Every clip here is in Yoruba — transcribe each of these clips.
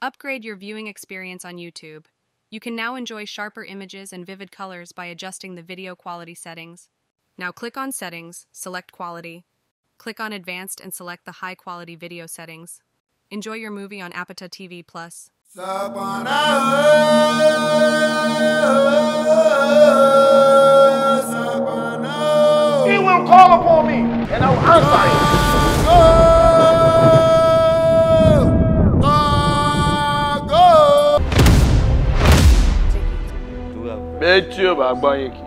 Upgrade your viewing experience on YouTube. You can now enjoy sharper images and vivid colors by adjusting the video quality settings. Now click on Settings, select Quality. Click on Advanced and select the High Quality Video settings. Enjoy your movie on Apata TV+. Plus. He will call upon me, and I will answer him. etí ò bá gbọ́ yín kì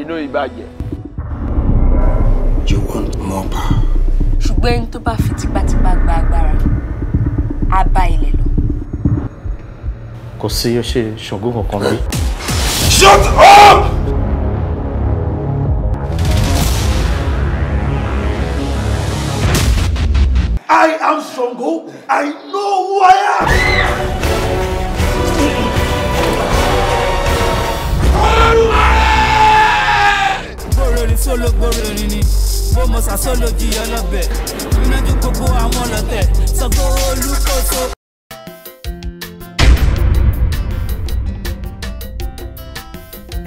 inú ìbàjẹ́. you want more power. ṣùgbọ́n ẹni tó bá fi tipátipá gba agbára á bá ilẹ̀ lọ. kò sí ọṣẹ ṣògùn kankan lórí. shut up. I am Songo. I know who I am. sólógbòrò rìn ni bó mo sàsólójì ọlọ́bẹ̀ ìrìnàjò gbogbo àwọn ọlọ́tẹ̀ sọgbóró olúkóso.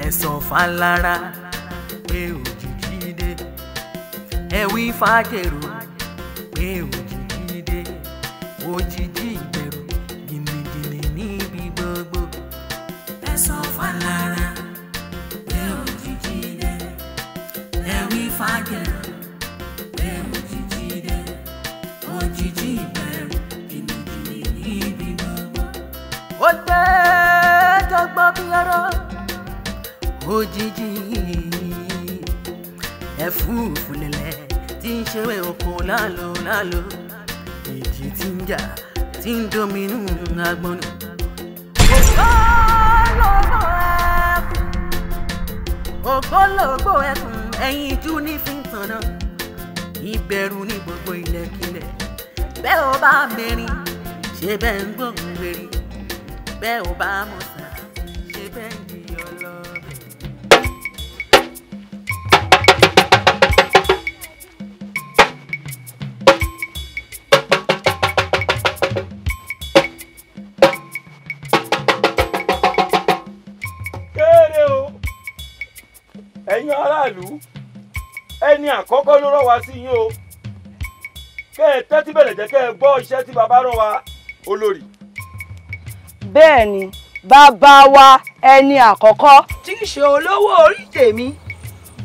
ẹ̀sọ̀ falára pé òjìjí dé ẹ̀wí fàjẹ̀rò pé òjìjí dé òjìjí. ó lé dọ́gbọ́n bí ọ̀rọ̀ òjijì ẹ̀fúùfù lẹ̀lẹ̀ tí ń ṣeré oko lálo lálo ìjì tí ń jà tí ń dominú agbọnù. ògbó lọ́gbọ́ ẹkùn ògbó lọ́gbọ́ ẹkùn ẹ̀yìn ìjú ní fi ìbẹ̀rù ní gbogbo ilẹ̀kílẹ̀ bẹ́ẹ̀ ó bá mẹ́rin ṣe bẹ́ẹ̀ ń gbóhùn mẹ́rin bẹ́ẹ̀ ò bá mọ̀ sá ṣe bẹ́ẹ̀ ni ọlọ́bẹ̀. kéde o ẹ̀yin aráàlú ẹni àkọ́kọ́ ló rọ̀ wá sí yín o kẹ́ ẹ tẹ́tí bẹ̀rẹ̀ jẹ́ kẹ́ ẹ gbọ́ iṣẹ́ tí baba rán wa olórí bẹ́ẹ̀ ni bàbá wa ẹni àkọ́kọ́ tí í ṣe olówó orí tèmi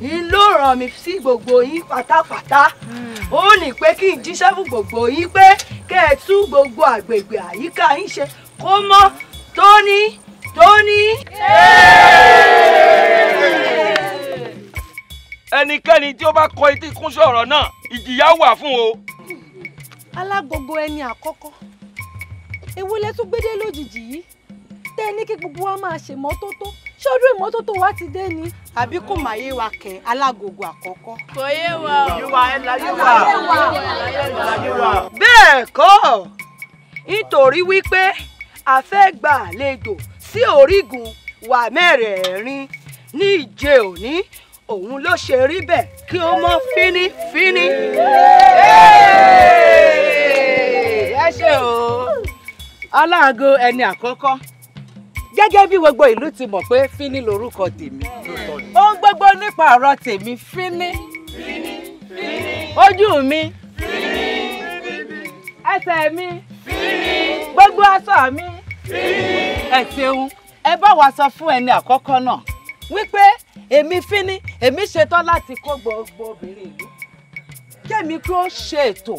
ń ló ràn mí sí gbogbo yín pátápátá hmm. ó ní pé kí n jíṣẹ́ fún gbogbo yín pé kẹ́ ẹ tún gbogbo àgbègbè àyíká yín ṣe kó mọ́ tóní tóní. ẹnikẹ́ni tí ó bá kọ etí kún sọ̀rọ̀ náà ìjìyà wà fún o. alágogo ẹni àkọ́kọ́ èwo lẹ tún gbédé lójijì yìí tẹ́ ẹ ní kí gbogbo wa máa ṣe mọ́tótó ìmọ́tótó wa ti dé ni. àbí kò máa yé wa kẹ alágogo àkọ́kọ́. kò yé wa o. yíwa ẹ la yíwa la yíwa. bẹ́ẹ̀ kọ́ nítorí wípé a fẹ́ gba àlejò sí orígun wa mẹ́rẹ̀ẹ̀rin ní ìje òní òun ló ṣe rí bẹ́ẹ̀ kí ó mọ́ fínífíní. ẹ ṣe o ọláago ẹni àkọ́kọ́ gẹ́gẹ́ bí gbogbo ìlú ti mọ̀ pé fíní lorúkọ tèmi ohun gbogbo nípa ọ̀rọ̀ tèmi fíní ojú mi ẹsẹ̀ mi gbogbo aṣọ mi ẹ ṣeun ẹ bá wa sọ fún ẹni àkọ́kọ́ náà wípé èmi fíní èmi ṣetán láti kó gbogbo obìnrin ìlú kémi kí ó ṣe ètò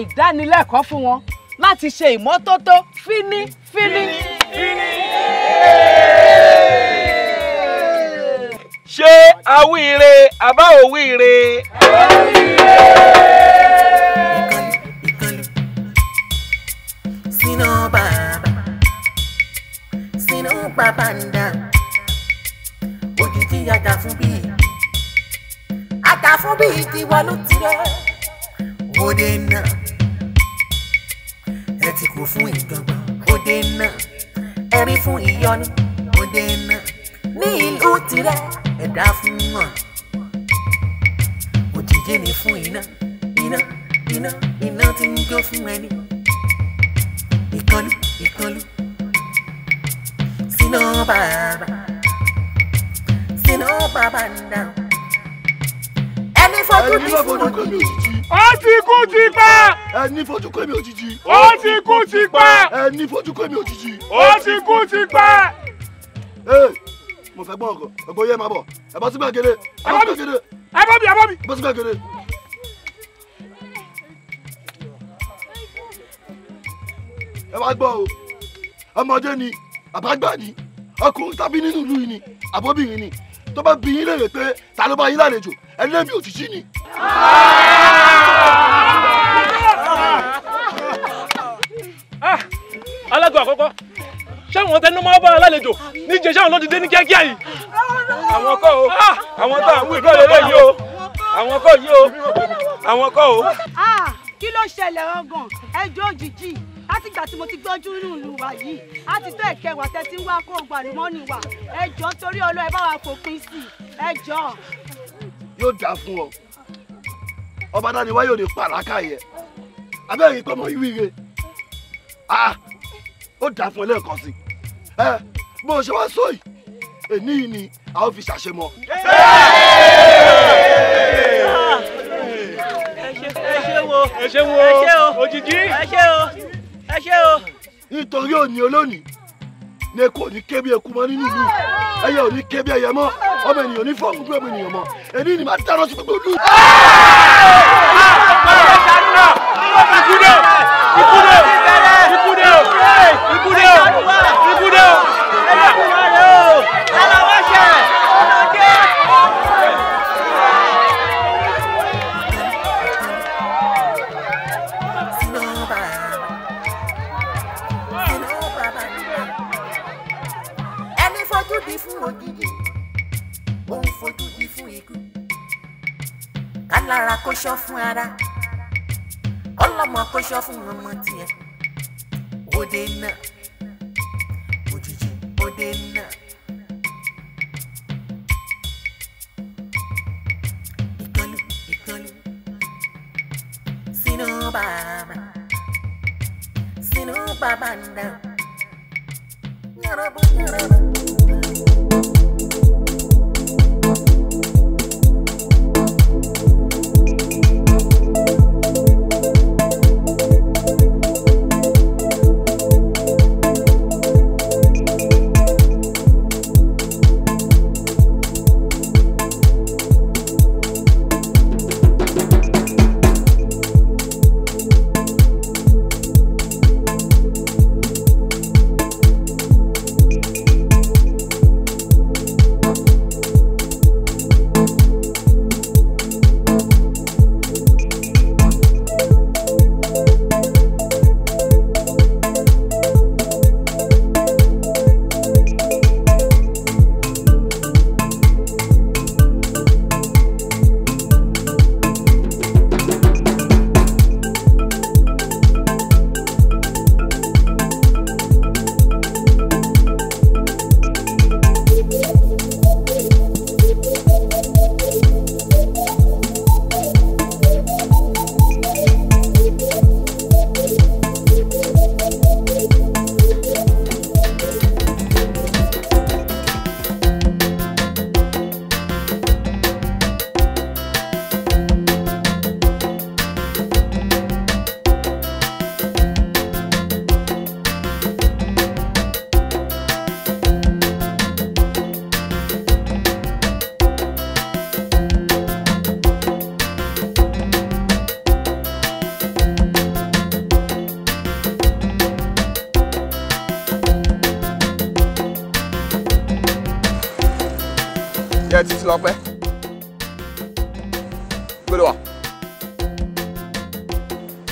ìdánilẹ́kọ̀ọ́ fún wọn láti ṣe ìmọ́tótó fínífíní. ṣé awíire àbá òwíire. sínú bàbá sínú bàbá ń dà òjijì àjà fún bíi ẹ ti kú fún ìgbọ̀ngbọ̀n òde náà ẹ rí fún ìyọnu òde náà ní ìlú tirẹ̀ ẹ̀dá fún hàn òjijì ni fún iná iná iná iná tí ń jó fún ẹni ìkọlù ìkọlù sínú bàbá sínú bàbá náà ẹni fọ́tún ní fún òjijì. ó ti kú ti pa ẹ ní fojúkọ èmi òjijì. ó ti kú ti pẹ́. ẹ ní fojúkọ èmi òjijì. ó ti kú ti pẹ́. ee mo fẹ́ gbọ́ ọkọ ọgbọ́n yẹ máa bọ̀ ẹ bọ́ sí gbàgede. ẹ bọ́ mi ẹ bọ́ mi ẹ bọ́ mi. bọ́ sí gbàgede. ẹ wá gbọ́ o ọmọdé ni àbágbà ni ọkùnrin tàbí nínú ìlú yìí ni àbóbìnrin ni tó bá bí yín léèrè pé ta ló bá yín lálejò ẹlẹ́mìí òjijì ni. alágọ̀ àkọ́kọ́ ṣáwọn tẹnu máa bá alálejò níjẹ ṣáwọn lọ́ọ́ ti dé ní kíákíá yìí. àwọn kọ́ o àwọn tó àwọn ìdúró lélẹ̀ yìí o àwọn kọ́ yìí o àwọn kọ́ o. kí ló ṣẹlẹ̀ ọgàn ẹjọ́ òjijì látìgbà tí mo ti gbọ́jú nínú ìwà yìí á ti tó ẹ̀kẹwàá tẹ́ ti ń wá kó ògbà lùmọ́ọ́nì wà ẹjọ́ torí ọlọ́ọ̀ ẹ bá wa fòpin sí ẹjọ́. yóò dà fún ọ ọba dániwá yóò ní pàràkà yẹ abẹ́rẹ́ ìpamọ́ ìwé rẹ̀ ó dà fún ẹ lẹ́ẹ̀kan sí ẹ bó o ṣe wá sóyè èní ni a ó fi ṣàṣemọ. ẹ ṣe wo ẹ ṣe òjijì ẹ ṣe o o. nítorí òní olónìí ní èkó ní kébí eku mọ nínú ìlú ẹyẹ ò ní kébí ẹyẹ mọ ọmọ ènìyàn ní fọwọ́n gbogbo ọmọ ènìyàn mọ èní ni màá dáná sí gbogbo ìlú. ikú náà ikú náà ikú ikú dé o ikú dé o. ẹni fojú di fún ògìgì òun fojú di fún ikú kálára kó sọ fún ara ọlọ́mọ kó sọ fún ọmọ tiẹ̀. pudding. Pudding.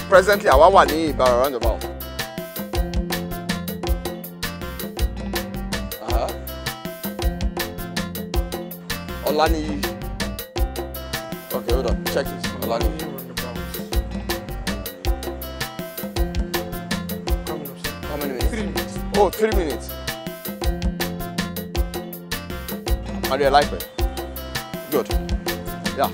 Presently, I want one. presently around the ní Uh huh. Olaniyi. Okay, hold on. Check this. Olaniyi. How many minutes? Three minutes. Oh, three minutes. Are you alive? Good. Yeah.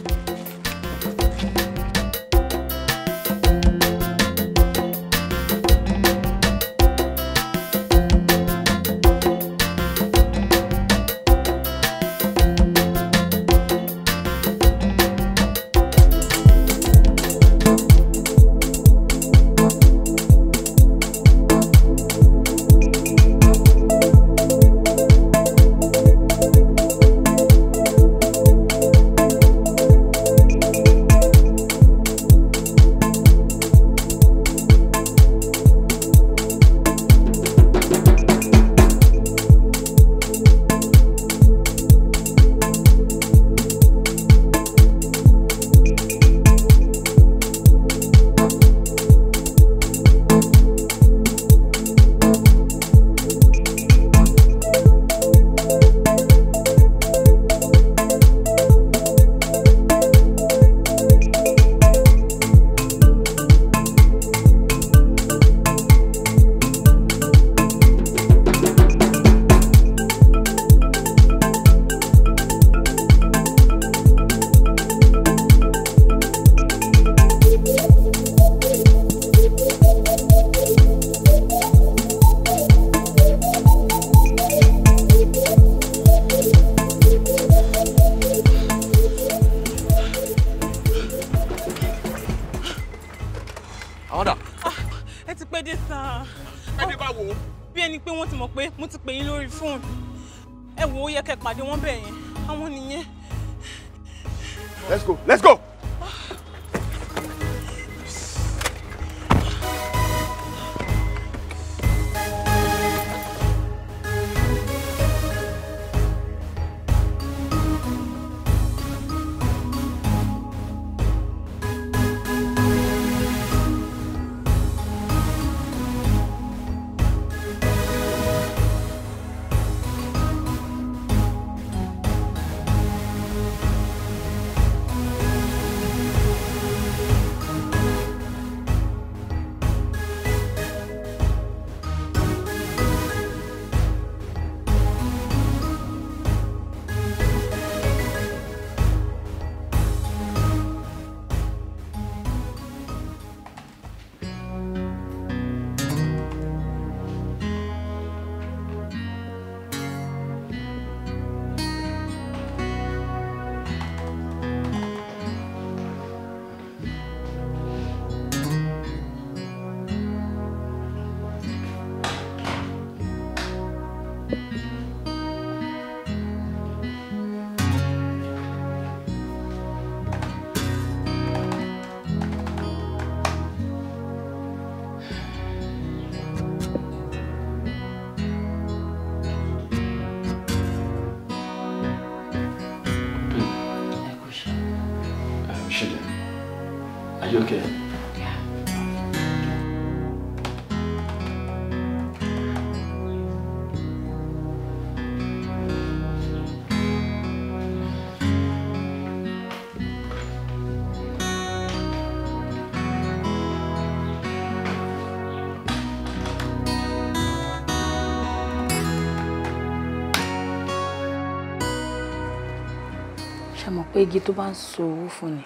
pé igi tó bá ń so owó fún ni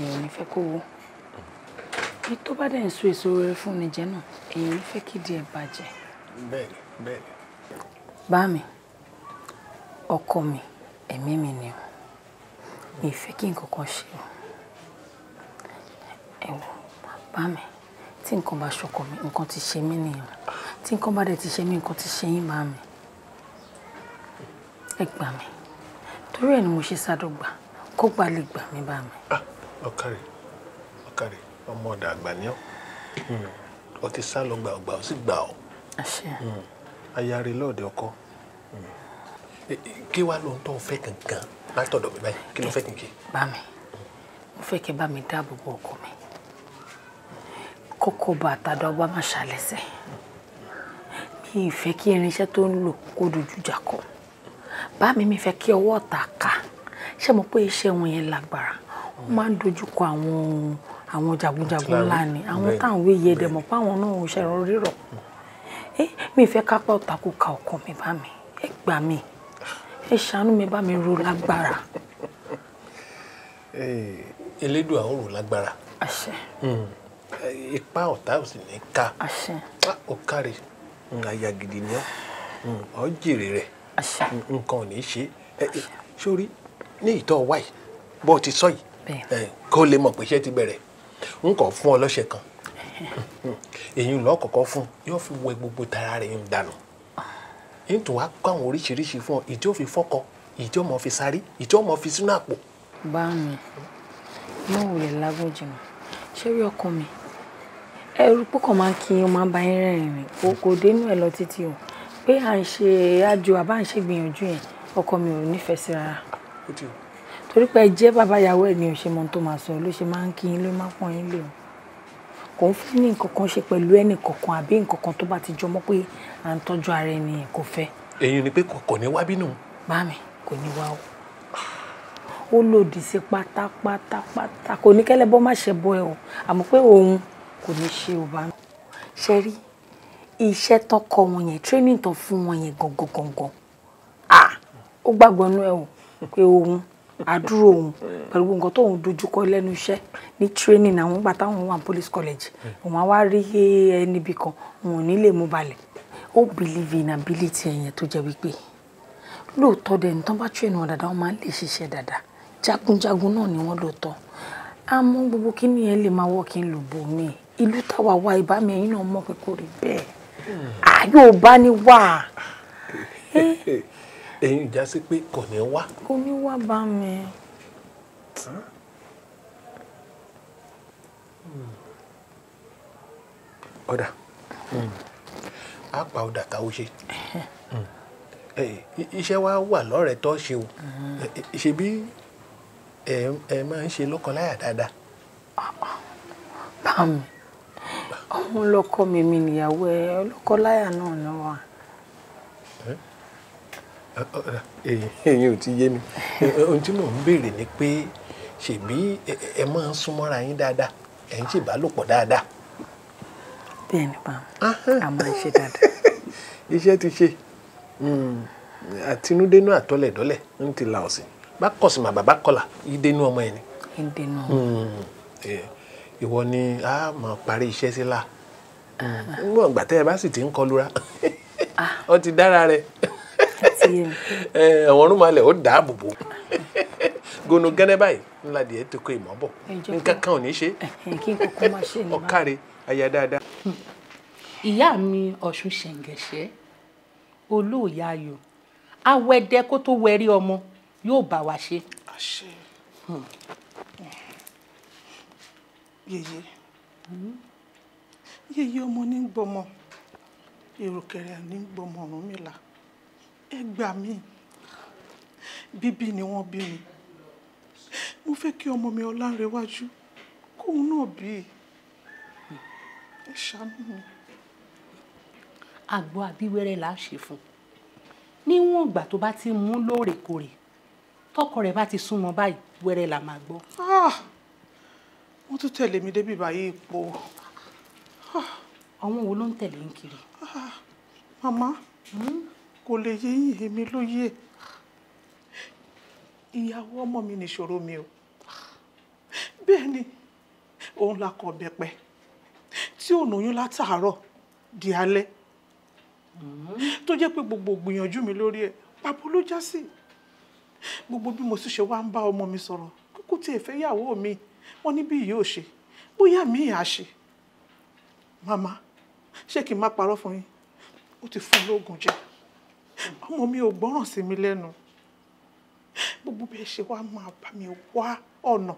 èèyàn ò ní fẹ́ kó wó igi tó bá dẹ̀ ń so èso rere fún ni jẹ́ náà èèyàn ò ní fẹ́ kídìí ẹ̀ bàjẹ́. bẹ́ẹ̀ni bẹ́ẹ̀ni. bá mi ọkọ mi ẹ̀mí mi ni o mi fẹ́ kí nǹkan kan ṣe o ẹ wò bá mi tí nǹkan bá ṣọkọ mi nǹkan ti ṣe mí nìyẹn tí nǹkan bá dẹ̀ ti ṣe mí nǹkan ti ṣe yín bá mi ẹ gbà mí torí ẹ̀ ni mo ṣe sádọ́gba kó gbà lè gbà mí bá mi. Ah, ọ̀kàrẹ̀ ọ̀kàrẹ̀ ọmọ ọ̀dà àgbà ni ọ́ ọ hmm, ti sá lọ gbà ọgbà ó sì gbà ọ́ hmm, ayáre lọ́ọ̀dẹ ọkọ hmm, e, e, kí wàá lóun tó ń fẹ́ kankan látọ̀dọ̀ mi báyìí kí ló fẹ́ kankan. bá mi mo fẹ́ kí bá mi dáàbò bo ọkọ mi kókó bàtà dọ́gba má ṣàlẹ́sẹ̀ mi ì fẹ́ kí irinṣẹ́ tó ń lò kó dojú jà kọ́ bá mi mi fẹ́ kí ọwọ́ ọ̀tá ká ṣé mo pé iṣẹ́ wọn yẹn lágbára ó máa ń dojúkọ àwọn àwọn jagunjagun ńlá ni àwọn táwọn wéyẹ dẹ̀ mọ̀ páwọn náà ò ṣẹ̀rọ rírọ̀ ẹ mi fẹ́ kápá ọ̀tá kó ka ọkọ mi bá mi ẹ gbà mí ẹ ṣàánú mi bá mi ro lágbára. elédùn àwọn rò lágbára. Hmm. ipa ọ̀tá ò sì ní ká. àṣẹ. ó kárí hmm, gidi ni ọ́ hmm, jèrè rẹ̀ nǹkan ò ní ṣe sórí ní ìtọ́ wáì bó ti sọ yìí kó lè mọ̀ pé iṣẹ́ ti bẹ̀rẹ̀ n kò fún ọ lọ́sẹ̀ kan èyí lọ́ kọ̀kọ́ fún yóò fi wẹ gbogbo tara rẹ̀ ń dànù nítorí wàá kọ́ àwọn oríṣiríṣi fún ọ ìdí ò fi fọ́kọ ìdí ò mọ̀ fi sáré ìdí ò mọ̀ fi sínú àpò. bá mi mo wulẹ̀ lágbọ́jì mọ́ ṣé rí ọkọ mi ẹrú púpọ̀ máa ń kí ọ máa bá yín kò dénú ẹ̀ lọ títí o pé à ń ṣe àjò àbá ń ṣe gbìyànjú yẹn ọkọ mi ò nífẹ̀ẹ́ sí rárá torí pé ẹ jẹ́ bàbá ìyàwó ẹ̀ ni ò ṣe mọ tó máa sọ ló ṣe máa ń kí yín ló máa pọ́n yín lò kò ń fún ní nǹkan kan ṣe pẹ̀lú ẹnì kọ̀ọ̀kan àbí nǹkan kan tó bá ti jọmọ́ pé à ń tọ́jú ara ẹni yẹn kò fẹ́. èyí ni pé kọ̀kọ̀ ní wá bínú. bá mi kò ní wá o ó lòdì sí pátápátápátá kò ní kẹ́lẹ́bọ́ má ṣe bọ́ ẹ o àmọ́ pé òun kò ní ṣe ò bá mi ṣe rí iṣẹ́ tán wọn yẹn training tán fún wọn yẹn gangan gangan ah ó gbàgbọ́ nú ẹ̀ o pé òun àdúrò òun pẹ̀lú nǹkan tóun dojúkọ lẹ́nu iṣẹ́ ní training àwọn gbà táwọn wà police college òun á wá rí ẹnibì kan òun ò ní lè mú balẹ̀ ó believe in ability ẹ̀yẹn tó jẹ́ wípé lóòótọ́ dẹni tán bá train wọn dáadáa wọn máa ń lè ṣiṣẹ́ dáadáa jagunjagun náà ni wọ́n lóòótọ́ àmọ́ gbogbo kí ni ẹ lè máa wọ́ kí n lò bò mí ìlú táwa wá ìbámi ẹ̀yìn náà mọ̀ pé kò rí bẹ́ẹ̀ yóò bá ní wà. ẹ̀yin ìjà sí pé kò ní wá. kò ní wá bá mi. ọ̀dà á pa ọ̀dà táwọn ṣe iṣẹ́ wa wà lọ́rẹ̀ẹ́ tó ṣe o ṣebí ẹ máa ń ṣe lọ́kọláya dáadáa. bá mi ọ̀hún lọ́kọ mi mi nìyàwó ẹ ọlọ́kọ láyà náà ni wà. èyí ò ti yé mi ohun tí mò ń béèrè ni pé ṣèbí ẹ máa ń súnmọ́ra yín dáadáa ẹ̀ ń ṣe ìbálòpọ̀ dáadáa. bẹ́ẹ̀ ni pa a máa ń ṣe dáadáa. iṣẹ́ ti ṣe hmm, àtinúdénú àtọlẹ̀dọ́lẹ̀ ń ti la ọ̀sìn bá kọ̀ sí màbà bá kọ̀là yí dénú ọmọ yẹn ni. ń dénú ọmọ yẹn. Hmm, ìwọ ni a máa parí iṣẹ́ sí là ah. nígbà ìgbà tẹ́ ẹ bá sì ti ń kọlura ah. ó ti dára rẹ eh, àwọn ọ̀run malẹ̀ ó dáàbò bò gonu gẹ́nẹ́ báyìí ńlá díẹ̀ tó kó ìmọ̀ bọ̀ nǹkan kan ò ní ṣe ọ̀kàrẹ̀ aya dáadáa. ìyá mi ọ̀ṣun ṣẹ̀ǹgẹ̀ṣẹ́ olóòyà ayò awẹ́dẹ́ kó tó wẹrí ọmọ yóò bá wa ṣe yèyé hmm? yèyé ọmọ ní gbọmọ ìrùkẹ̀rẹ̀ ní gbọmọ Ọ̀rúnmìlà ẹ gbà mí bíbí ni wọ́n bí mi mo fẹ́ kí ọmọ mi Ọlánrewájú kóun náà bí ẹ ṣàánú mi. àgbo àbíwẹ́rẹ́ là á ṣe fún níwọ̀n ìgbà tó bá ti mú lóòrèkóòrè tọkọ rẹ̀ bá ti súnmọ́ báyìí wẹ́rẹ́ là máa gbọ́. Ah! wọ́n tún tẹ̀lé mi débi báyìí ipò. Ah, àwọn wo ló ń tẹ̀lé ń kiri. Ah, màmá hmm? kò lè yé yín èmi ló yé ìyàwó ọmọ mi nìṣòro mi o bẹ́ẹ̀ ni òun la kọ̀ bẹ̀pẹ̀ tí ò lóyún látàárọ̀ di alẹ́ hmm? tó jẹ́ pé gbogbo gbìyànjú mi lórí ẹ̀ pàbó ló já sí gbogbo bí mo sì ṣe wá ń bá ọmọ mi sọ̀rọ̀ kókó tí ẹ fẹ́ yàwó mi. Mm -hmm wọ́n ní bí yóò ṣe bóyá mi à ṣe màmá ṣé kí n má parọ́ fún yín ó ti fún lóògùn jẹ ọmọ mi ò gbọ́ràn sí mi lẹ́nu gbogbo bí ẹ ṣe wá máa bá mi wá ọ̀nà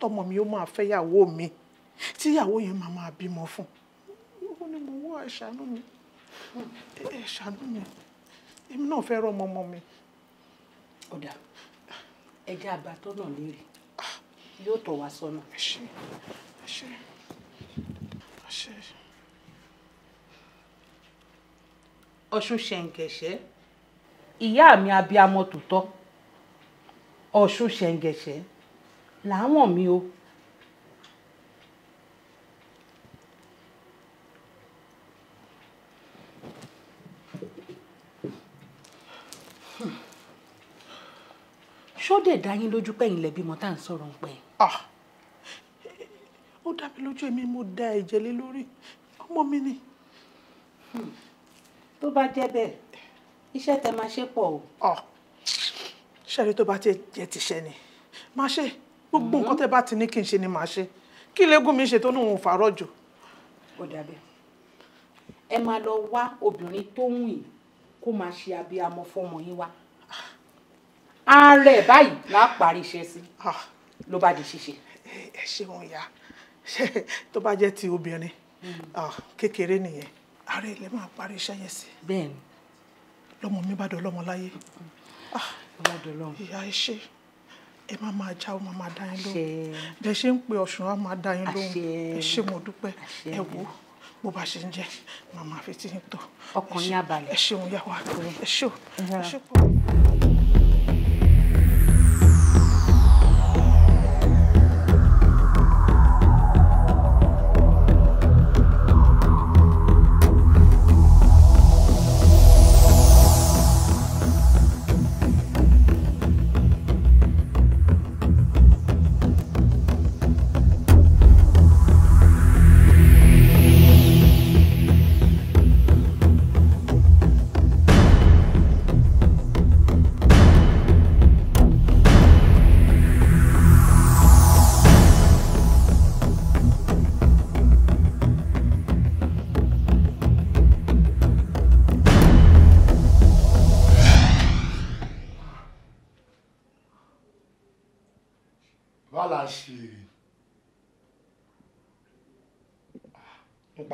tọmọ mi ó máa fẹ́yàwó mi tíyàwó yẹn máa máa bímọ fún ó ní mo wọ ẹ ṣàánú mi ẹ ṣàánú mi èmi náà fẹ́ rọ ọmọ ọmọ mi. ọ̀dà ẹja àbátọ́ náà lérè yóò tọ̀ wá sọ́nà. ẹ ṣé ẹ ṣé ẹ ṣé. ọ̀ṣun ṣẹ̀ǹgẹ̀ṣẹ̀ ìyá mi abiyamọ tòótọ́ ọ̀ṣun ṣẹ̀ǹgẹ̀ṣẹ̀ làwọn mi o. ṣó dẹ̀ dá yín lójú pẹ̀yìn lẹ́bímọ tá à ń sọ̀rọ̀ ń pẹ́ yìí. Ah. ó dá lójú èmi mo da ẹ̀jẹ̀ lé lórí ọmọ mi ni. Hmm. tó bá jẹ́ bẹ́ẹ̀ iṣẹ́ tẹ máa ṣe pọ̀ o. Ah. ṣẹ́ni tó bá ti jẹ́ tiṣẹ́ ni máa ṣe gbogbo nǹkan hmm. tẹ bá ti ní kí n ṣe ni màá ṣe kí lẹ́gùn mi ṣe tó ní òun fàárọ̀ jù. ó dàbẹ̀ ẹ máa lọ wá obìnrin tó ń wìn kó máa ṣe abiyamọ fọmọ yín wá. Ah. ààrẹ báyìí là parí iṣẹ́ sí ló bá di ṣíṣe. ẹ ṣeun ìyá tó bá jẹ́ ti obìnrin hmm. kékeré nìyẹn ààrẹ ilé máa parí iṣẹ́ yẹn sí. bẹ́ẹ̀ni. lọ́mọ mi bá dọlọ́mọ láyé. Hmm. Ah, bá dọlọ́mọ. ìyá ẹ ṣe ẹ má máa já ọ má máa dá yín lóhùn bẹ ṣe ń pe ọ̀ṣun á máa dá yín lóhùn ẹ ṣe mo dúpẹ́ ẹ wò ó bó bá ṣe ń jẹ màmá fi ti ń tọ ọkàn yín ẹ ṣeun yá wa ẹ ṣeun ẹ ṣe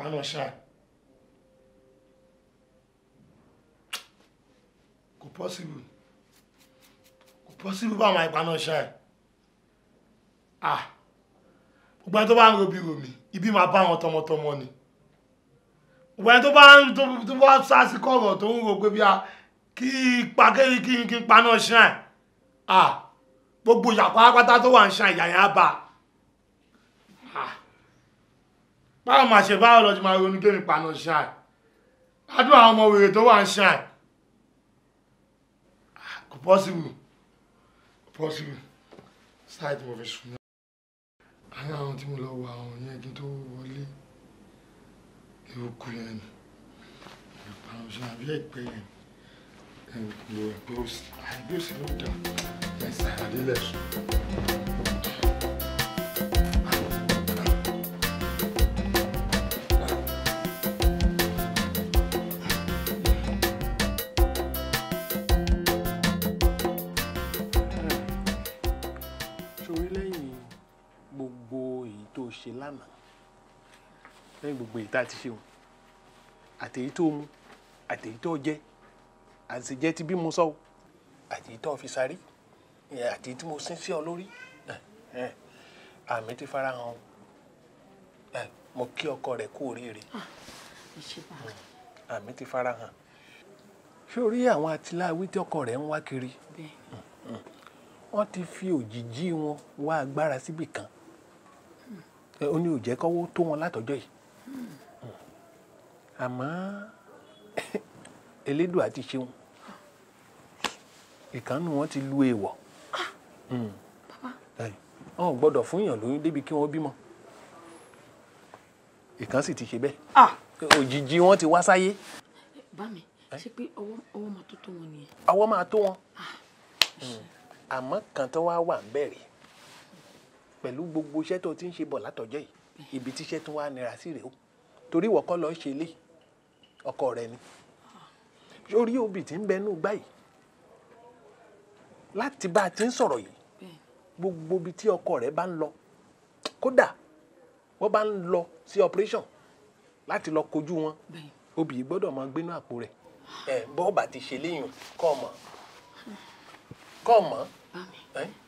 pa náà ṣáà kò pọ́sibú kò pọ́sibú bá máa pa náà ṣáà ah gbogbo ẹni tó bá ń robi romi ibi máa bá wọn tọmọtọmọ ni gbogbo ẹni tó bá ń tó bá sásìkò ọ̀rọ̀ tó ń rò pé bí a kí ipa kí n pa náà ṣáà ah gbogbo ìyàpá pátá tó wà ń ṣáà ìyà yẹn á bá a. báwo máa ṣe báwo lọ́jọ́ máa ronú gémi paná ṣáì adúlọ àwọn ọmọ wèrè tó wà ń ṣáì kò pọ́sibù kò pọ́sibù ṣáì tí mo fi sùn láàárín àwọn tí mo lọ wà àwọn yẹn kí n tó wọlé ewu yẹn ni ìpàrọ̀ ṣe àbí ẹgbẹ́ yẹn ẹgbẹ́ òsì ló dà ẹ̀sìn àdílẹ̀ ṣe lánàá lẹ́yìn gbogbo èyí tá a ti ṣe wọn àtèyí tó mu àtèyí tó jẹ àtìjẹ ti bí mo sọ o àtèyí tó fi sáré àtèyí tí mo sín sí ọ lórí àmì ti fara hàn o mo kí ọkọ rẹ kú oríire ah, àmì ti fara hàn ṣé o rí àwọn atiláwí tí ọkọ rẹ ń wá kiri hmm, hmm. wọ́n ti fi òjìji wọn wá agbára síbì kan ó ní òjẹ́ kọ́wọ́ tó wọn látọjọ́ yìí àmọ́ Elédùà ti ṣeun ìkànnì wọn ti lu èèwọ̀ hmm. ọ gbọ́dọ̀ fún èèyàn lóyún débi kí wọ́n bímọ ìkan sì ti ṣe bẹ́ẹ̀ ah! òjijì wọn ti wá sáyé. bá ṣe pé ọwọ́ máa tó tó wọn nìyẹn. ọwọ́ máa tó wọn ah! hmm. àmọ́ kan tó wá wà ń bẹ̀rẹ̀ pẹ̀lú gbogbo iṣẹ́ tó ti ń ṣe bọ̀ látọjọ́ yìí ibi tíṣẹ́ tó wà nira sí rèé o torí ìwọ kọ́ lọ ṣe lé ọkọ rẹ ni orí obì tí ń bẹnu gbá yìí láti bá a ti ń sọ̀rọ̀ yìí gbogbo ibi tí ọkọ rẹ bá ń lọ kódà wọ́n bá ń lọ sí operation láti lọ kojú wọn obì yìí gbọ́dọ̀ máa gbénú àpò rẹ̀ ẹ̀ bọ́ọ̀bà ti ṣe léyìn kọ́ ọ̀mọ́ kọ́ ọ̀mọ́. Àmín.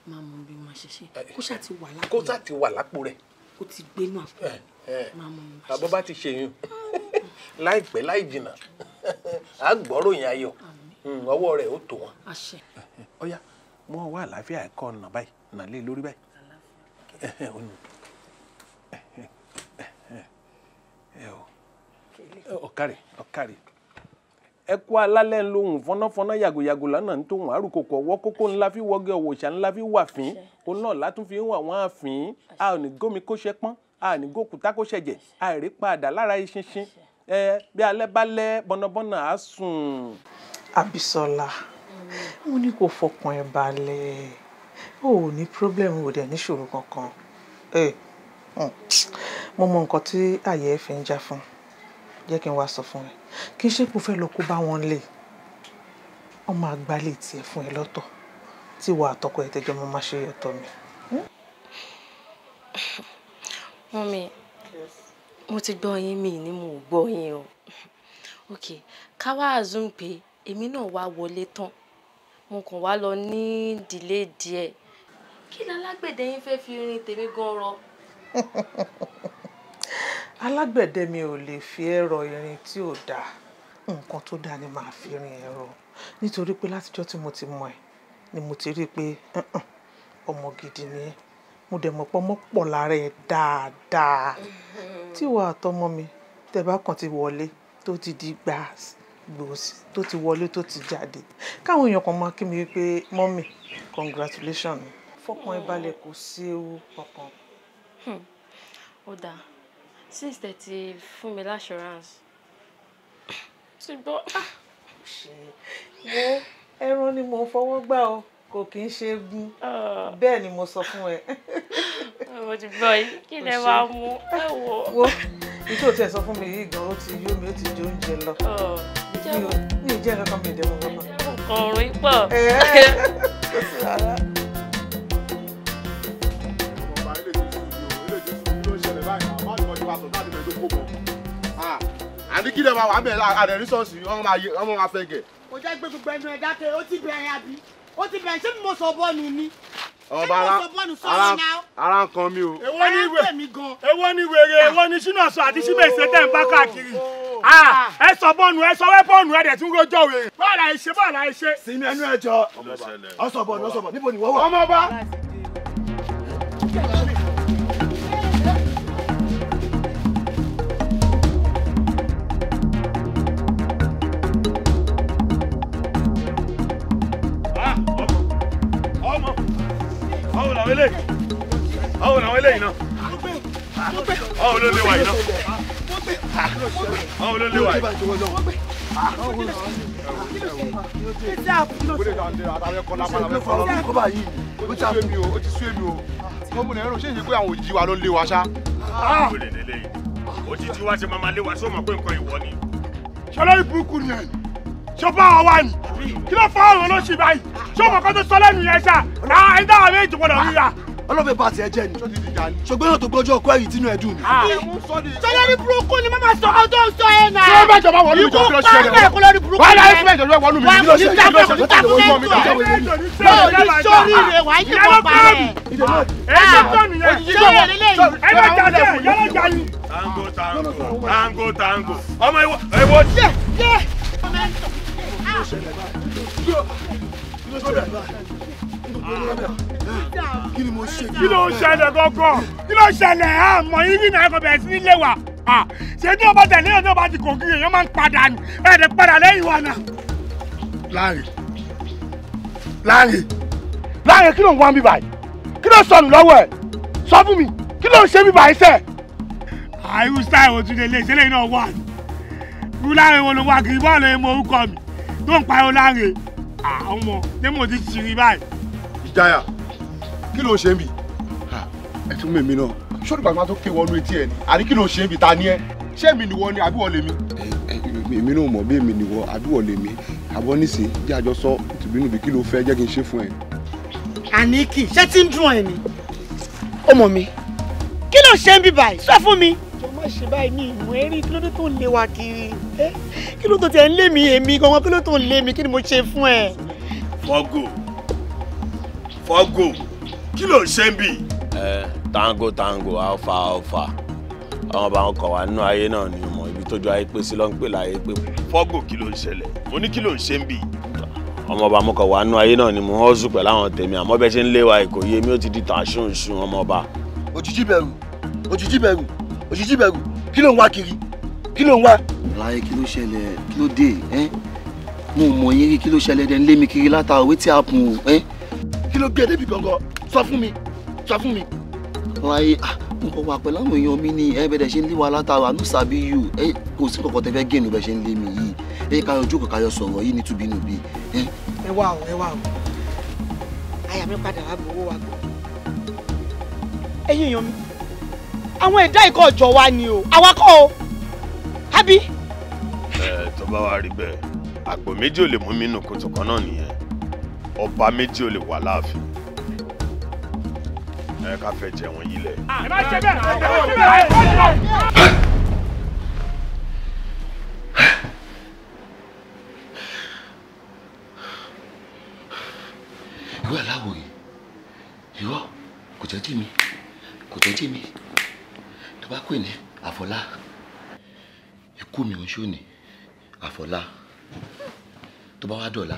máa mọ bí ṣe ṣe kó ṣáà ti wà lápò rẹ kó ṣáà ti wà lápò rẹ kó ti àpò rẹ máa mọ bí máa ṣe ṣe. àbọ̀ bá ti ṣe yun láìpẹ́ láì jìnnà á gbọ́ròyìn ayọ̀ hmm, ọwọ́ rẹ̀ ó tó wọn. ọ̀ya mo wá àlàáfíà ọ̀nà báyìí lórí báyìí. ẹkọ alálẹ̀ ń lóhùn fọnáfọná yàgòyàgò lánàá ń tóhùn àrùkòkò ọwọ́ kókó ńlá fi wọ́gẹ́ ọ̀wọ̀ṣà ńlá fi wà fín òun náà látún fi ń wà wọ́n àfín a ò ní gómi kó ṣe pọ́n a ò ní gókùtà kó ṣẹ̀jẹ̀ a ò rí padà lára eṣinṣin ẹ bí alẹ́ bá lẹ́ bọ́nàbọ́nà á sùn. Abisola mo ní kó fọkàn ẹ balẹ̀ o ò ní pírọ́blẹ̀mù ò dẹ̀ níṣòro kankan mo mọ nǹkan tí àyè ẹ fi ń já fún jẹ́ kí n wá sọ fún ẹ kì í ṣe kó fẹ́ lọ kó bá wọn lé wọn máa gbálé tiẹ̀ fún ẹ lọ́tọ̀ tí ìwà àtọkọ ẹ tẹjọ́ mo máa ṣe ọ̀tọ̀ mi. mọ́mi mo ti gbọ́ yín mi ni mo gbọ́ yín o ok ká wá zoom pé èmi náà wá wọlé tán mo kàn wá lọ ní ìdílé díẹ̀ kí lálágbẹ̀dẹ yín fẹ́ fi irin tèmi gan rọ. alágbẹ̀dẹ mi ò lè fi ẹ̀rọ irin tí ò dáa nǹkan tó dáa ni màá fi rin ẹ̀rọ nítorí pé látijọ́ tí mo ti mọ̀ ẹ́ ni mo ti rí i pé ọmọ gidi ni ẹ́ mo dẹ̀ mọ̀ pé ọmọ pọ̀ lára ẹ̀ dáadáa tí ìwà àtọmọ mi tẹ bá kàn ti wọlé tó ti di gbàs gbòòsì tó ti wọlé tó ti jáde káwọn èèyàn kan máa kí mi pé mọ́mì congratulations fọkàn ẹ kò sí ewu kankan. Hmm. ó dáa since tẹ ti fún mi l'assurance ṣùgbọ́n wo ah, ẹran ni mo fọwọ́ gbà o kò kì í ṣe egun ah. bẹ́ẹ̀ ni mo sọ fún ẹ. Ah, mo ti bọ yìí kí lè máa mú ẹ wò. wo ìtò tí ẹ sọ fún mi yìí gan ó ti yó mi ó ti jó oúnjẹ lọ mi ò jẹ́ ẹ̀rọ kan mi ìdẹ́wọ̀n kan náà. nǹkan ọ̀run pọ̀. tó kó bọ̀ ah, àní kí lè máa wà bẹ́ẹ̀ àdẹ̀ rísọ́ọ̀sì ọmọ máa fẹ́ gẹ̀. kò jẹ́ gbé gbogbo ẹnu ẹ̀ dákẹ́ ó ti bẹ̀rẹ̀ àbí ó ti bẹ̀rẹ̀ ṣé mo sọ bọ́ọ̀nù ni ọba ara ara nkan mi o. èwo ni wèrè èwo ni wèrè ah. èwo ni sinaso àti síbèsè tẹ̀ ń bá káàkiri. Oh, oh. Ah, ẹ sọ bọ́ọ̀nù ẹ sọ wẹ́pọ̀nù ẹ dẹ̀ tún rojọ́ wèrè. bọ́ọ̀lù àìṣe bọ́ọ̀lù àìṣe. sinmi ẹnu ẹ jọ ọsọ bọ́ọ̀nù ọsọ bọ́ọ̀nù níbo ni wọ́n wà. ọmọ ọba. Oh làwọn eléyìí náà Oh ló lè wà yìí náà báwo ló lè wà yìí. Kọ́mùnà ẹ̀rọ ṣe é ṣe pé ọlọ́fẹ́ bá tiẹ̀ jẹ́ ni ṣùgbọ́n náà tó gbọ́jọ́ ọkọ ẹ̀yìn tínú ẹ̀dùn ni. Ah. sọlá ní burúkú ni mama sọ ọjọ́ sọ ẹ náà. ṣé bá jọba wọnú mi jọ kí ló ṣe é wọ́n ní burúkú rẹ̀ wọ́n ní jọba wọnú mi kí ló ṣe é kí ló ṣe é kí ló ṣe é sórí rẹ̀ wá yí kó pa rẹ̀. tango tango tango tango ọmọ ìwọ ìwọ jẹ kí ló ń ṣẹlẹ̀ gangan kí ló ń ṣẹlẹ̀ àmọ́ yín nínú ẹ̀kọ́ bẹ̀rẹ̀ sí nílé wa ṣé ní ọba tẹ̀lé ọ̀dọ́ bá ti kòkí èèyàn máa ń padà ní ẹ̀ẹ́dẹ̀ padà lẹ́yìn wa náà. láàrin láàrin láàrin kí ló ń wá mi báyìí kí ló sọnù lọ́wọ́ ẹ̀ sọ fún mi kí ló ń ṣe mi báyìí sẹ́ẹ̀. àìrú style òtúndé lè ṣẹlẹ̀ iná wà ní irú láàrin wo ló wá kiri bọ́ọ̀lù ẹ̀ mọ orúkọ mi tó ń pariwo láàrin àwọn ọmọ jaya kí ló ń ṣe mí ẹ tún mèmí náà ṣó nígbà máa tó ké wọnú etí ẹ ni àní kí ló ń ṣe mí ta ni ẹ ṣé èmi nìwọ ni àbí wọ́n lèmi. èmi náà mọ̀ bí èmi nìwọ àbí wọ́n lèmi àbọ̀ nísìn jẹ́ àjọ sọ tìbínú bí kí ló fẹ́ jẹ́ kí n ṣe fún ẹ. àníkì ṣé tí ń dùn ẹ ni. ọmọ mi kí ló ṣe ń bí báyìí sọ fún mi. jọ má ṣe báyìí ní ìmọ̀ eré kí ló dé tó ń lé wa kiri kí ló tó tẹ̀ ń lé mi èmi gangan kí ló tó ń lé mi kí ni mo ṣe fún ẹ. fọ́gò fọ́gò kí ló ń ṣe ń bì. ẹ tango tango alfa alfa àwọn bá wọn kọ wá nínú ayé náà ni mọ ibi tójú ayé pé sí ló ń pè láyé pé. fọ́gò kí ló ń ṣẹlẹ̀ mo ní kí ló ń ṣe ń bì. ọmọọba mo kọ wá nínú ayé náà ni mo hàn zù pẹ̀lú àwọn tèmi àmọ́ bẹ́ẹ̀ ṣe ń léwa èkó yé mi ó ti di tàṣùn ṣùn ọmọọba. òjijì bẹ̀rù òjijì bẹ̀rù òjijì bẹ̀rù kí ló ń wá kiri kí ló ń wá. láyé kí ló ṣẹlẹ̀ kí ló dé mo mọ̀ yín kí ló ṣẹlẹ̀ dẹ̀ ń lé mi kiri látàwé tí a kùn ẹ́ kí ló gé e débi gangan sọ fún mi sọ fún mi. ráyè nǹkan wà pẹ̀lú àwọn èèyàn mi ni ẹ bẹ̀rẹ̀ ṣe ń lé wa látara àánú sàbí yù ẹ kò sí kankan tẹ fẹ́ gẹ̀ẹ́nù bẹ́ẹ̀ ṣe ń lé mi yìí ẹ ká ojú kọ̀ọ̀kan yọ sọ̀rọ̀ yìí nítubínúbí. ẹ wá o ẹ wá o àyà mi padà wá gbowó wa gbọ́. ẹ̀yin èèyàn mi àwọn ẹ̀dá ikọ̀ ọ̀jọ̀ wa ni o àwa kọ́ o àbí. ẹ tó bá wa rí bẹ́ẹ̀ àgbò méjì ò lè mú mi nù kòtò kan náà nìyẹn ọba méjì ò lè wà láàfin ẹ ká fẹ́ jẹun ah, yìí lẹ. ìwé aláwọ̀ yìí ìwọ kò jẹ́ jèmi kò jẹ́ jèmi tó bá pè ní àfọlá ikú mi ò ń ṣòní àfọlá tó bá wá dọ̀la.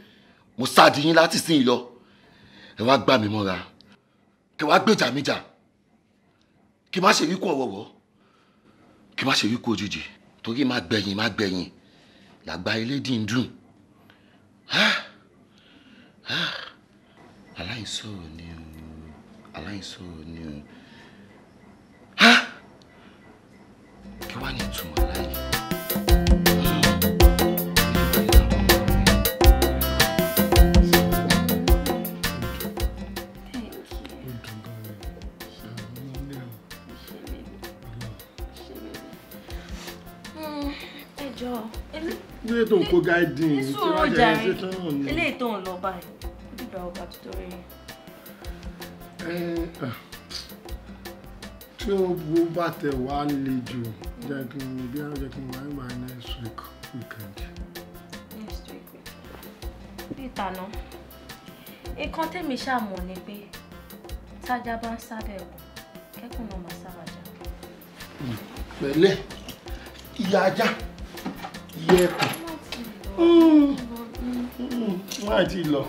mo sáàdì yín láti sìn yín lọ ẹ wá gbà mí mọ́ra kí wá gbèjà mi jà kí má ṣe ríkú ọ̀wọ̀wọ́ kí má ṣe ríkú òjijì torí má gbẹ̀yìn má gbẹ̀yìn làgbà ilé dì ń dùn aláìsọ̀rọ̀ ni o aláìsọ̀rọ̀ ni o kí wá ní ìtumọ̀ aláìní. kílódé tó ń kó gáìdìn tí wọ́n jẹ́ ẹgbẹ́ tó ń rùn ní. eléyìí tó ń lọ báyìí dídá ọba tuntun rẹ̀. tí ó bó bá tẹ̀ wá le jù jẹ́ kí n bí wọ́n jẹ́ kí n wáyé wáyé next week weekend. next week bí ìtànà nǹkan tẹ̀mí ṣàmọ̀ ni pé tájà bá ń sábẹ̀ wò kẹ́kùn náà máa sábàjá. pẹ̀lẹ́ ìyá ajá yẹ ẹ̀kọ́ má ti lọ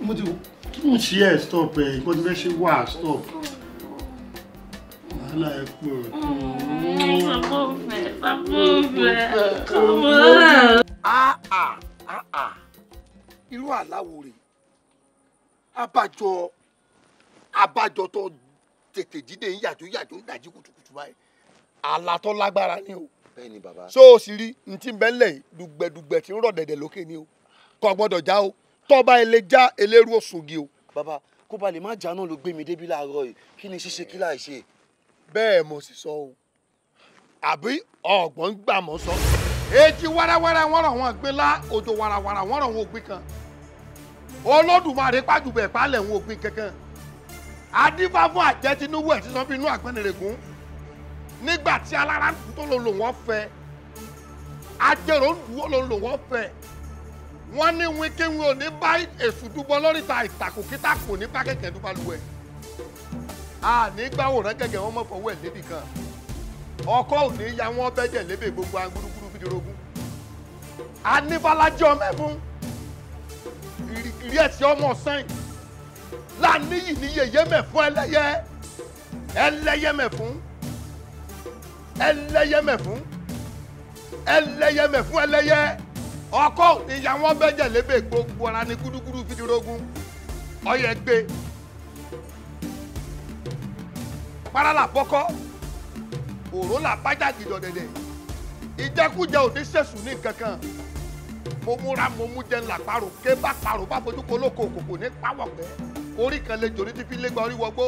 mo ti kí mo ṣe ẹ stop ẹ nǹkan tí fẹ́ ṣe wà stop wàhálà ẹ pọ̀. bàbá òfẹ bàbá òfẹ kọ́mọ. áà áà irú àláwo rè abájọ abájọ tó tètè jíde ń yàjó yàjó ń dàjí kùtùkùtù báyìí àlá tó lágbára ni o bẹ́ẹ̀ni bàbá. so o sì rí n ti bẹ́ẹ̀ lẹ̀ dùgbẹ̀dùgbẹ̀ tí ń rọ̀ dẹ̀dẹ̀ lókè ni o kò gbọ́dọ̀ já o tọ́ba ilé já eléru òsùngi o. bàbá kó ba lè má já náà ló gbé mi débi láàárọ̀ yìí kí ni ṣíṣe kí láì ṣe. bẹ́ẹ̀ mo sì sọ o àbí ọ̀gbọ́n ń gbà mọ́ sọ. èjì wárawára wọ́n rọ̀ wọ́n gbé lá òjò wàràwàrà wọ́n rọ̀ wọ́n gbé kan olódùmarè pàjùbẹ̀ pálẹ̀ wọ́n gbé kankan adífá fún àjẹtinúwò ẹ̀ sísan bínú àgbẹ̀nìrègún nígbà tí alára ń tó lò lò wọ́n fẹ́ ajẹ́rò ń dúró lò lò wọ́n fẹ́ wọ́n ní wíkíwí ò ní bá èṣù dúbọ́ lóríta ìtàkùn kítàkùn ní pákẹ́kẹ́ tó bá lu ẹ̀ ànígbàwò rẹ gẹ́gẹ́ wọ́n mọ̀ fọwọ́ ẹ̀ lébi kan ọkọ ò ní ya wọ́n bẹ́jẹ̀ lébè gbogbo agúrúgúrú fídíorogún anífàlájẹ́ ọmọ ẹ̀fún ìrírí ẹ̀sìn ọmọ sẹ́yìn láàníyì ní yèyé mẹ̀fún ẹlẹ́yẹ ẹlẹ́yẹ mẹ̀fún ẹlẹ́yẹmẹ̀fún ẹlẹ́yẹmẹ̀fún ẹlẹ́yẹ ọkọ ìyàwó bẹ́jẹ̀ lébè gbogbo ara ní gúdúgúdú fídírógún ọyẹ gbé parala bọ́kọ́ òró là bájà gidọ̀ dẹ̀dẹ̀ ìjẹkújẹ ò ní sẹ̀sùn ní kankan mo múra mo mú jẹun làpárò ké bá parò bá fojú kó lóko òkòkò ní pàwọ̀ pẹ́ orí kan lè jòrí tí fi lé gba orí wọgbó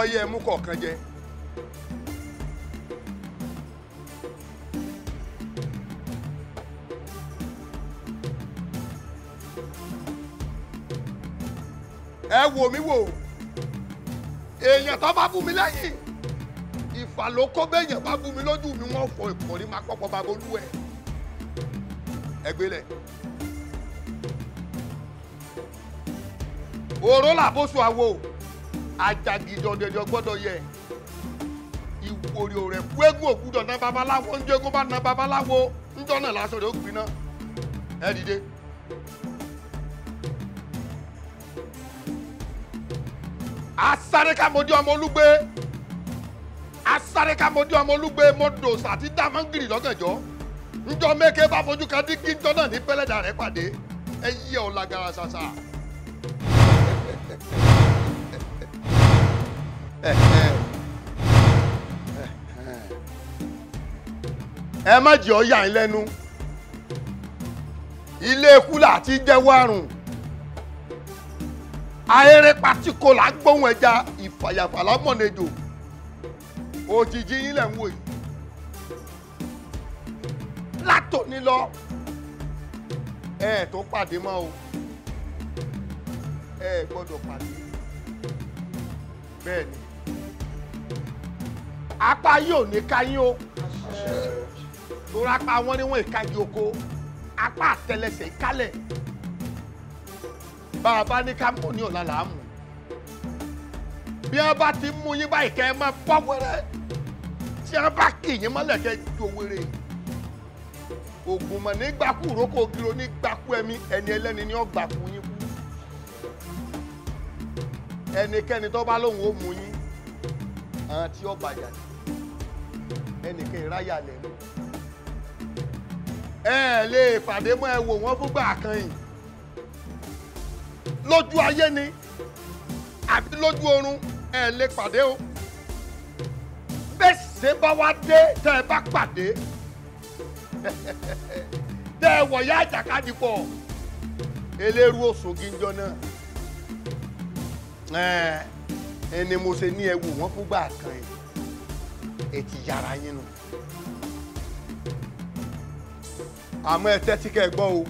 ọyẹ mú kọ̀ọ̀kan jẹ. ẹ wò mí wò èèyàn tó bá bú mi lẹ́yìn ìfà ló bá bú mi lójú mi wọ́n fọ ìkọ̀rí máa pọ́pọ́ bá bolú ẹ̀ ẹ gbélẹ̀. òró làbóso àwo àjàgìdọ̀dẹ̀dọ̀ gbọ́dọ̀ yẹ ìwòrì òrẹ̀ kú égún òkúdọ̀ ná babaláwo ń jẹ́ kó bá ná babaláwo ń jọ́nà lásán rẹ̀ ó gbiná ẹ dìde. asáré ká mo dé ọmọ olúgbé asáré ká mo dé ọmọ olúgbé mo dò sàtí dámọ́ngìrì lọ́gànjọ́ njọ́ mẹ́kẹ́ bá fojú kan dín kí njọ́ náà ní pẹ́lẹ́dà rẹ̀ pàdé ẹ yí ọ̀ lágara ṣàṣà. ẹ má jẹ́ ọ yà ń lẹ́nu ilé kúlà àti jẹ́wọ́ àrùn ahéré pàtíkò là ń gbóhùn ẹja ìfàyàfà lámọ̀nẹjọ òjijì yín lẹ̀ ń wò yìí látòní lọ ẹ tó pàdé mọ́ o ẹ gbọ́dọ̀ pàdé bẹ́ẹ̀ ni apá yìí ò ní ká yín o tó rápá wọn ni wọn ìka igi oko apá àtẹlẹsẹ̀ ìkálẹ̀ bá a bá ní ká mú ní ọ̀la là á mú bí wọ́n bá ti mú yín báyìí kẹ́ ẹ máa bọ́ wẹ́rẹ́ tí wọ́n bá kì yín mọ́lẹ̀ kẹ́ ẹ jó wéré ògùnmọ̀ ní gbàkú ìrókò giro ní gbàkú ẹ̀mí ẹni ẹlẹ́ni ní ọgbà yín kú ẹnikẹ́ni tó bá lóun ó mú yín àwọn tí ó bàjá ẹnikẹ́ni ráyà lẹ́nu ẹ lè pàdé mọ́ ẹ wò wọ́n fúngbà kan yìí lójú ayé ni àbí lójú oorun ẹ lè pàdé o bẹ́ẹ̀ bá wá dé tẹ́ ẹ bá pàdé tẹ́ ẹ wọ̀yá àjàkadì pọ̀ eléru òṣògì ń náà ẹni mo ṣe ní ẹwù wọn fún gbà kan ẹ ẹ ti yín nu àmọ́ ẹ tẹ́tí kẹ́ gbọ́ o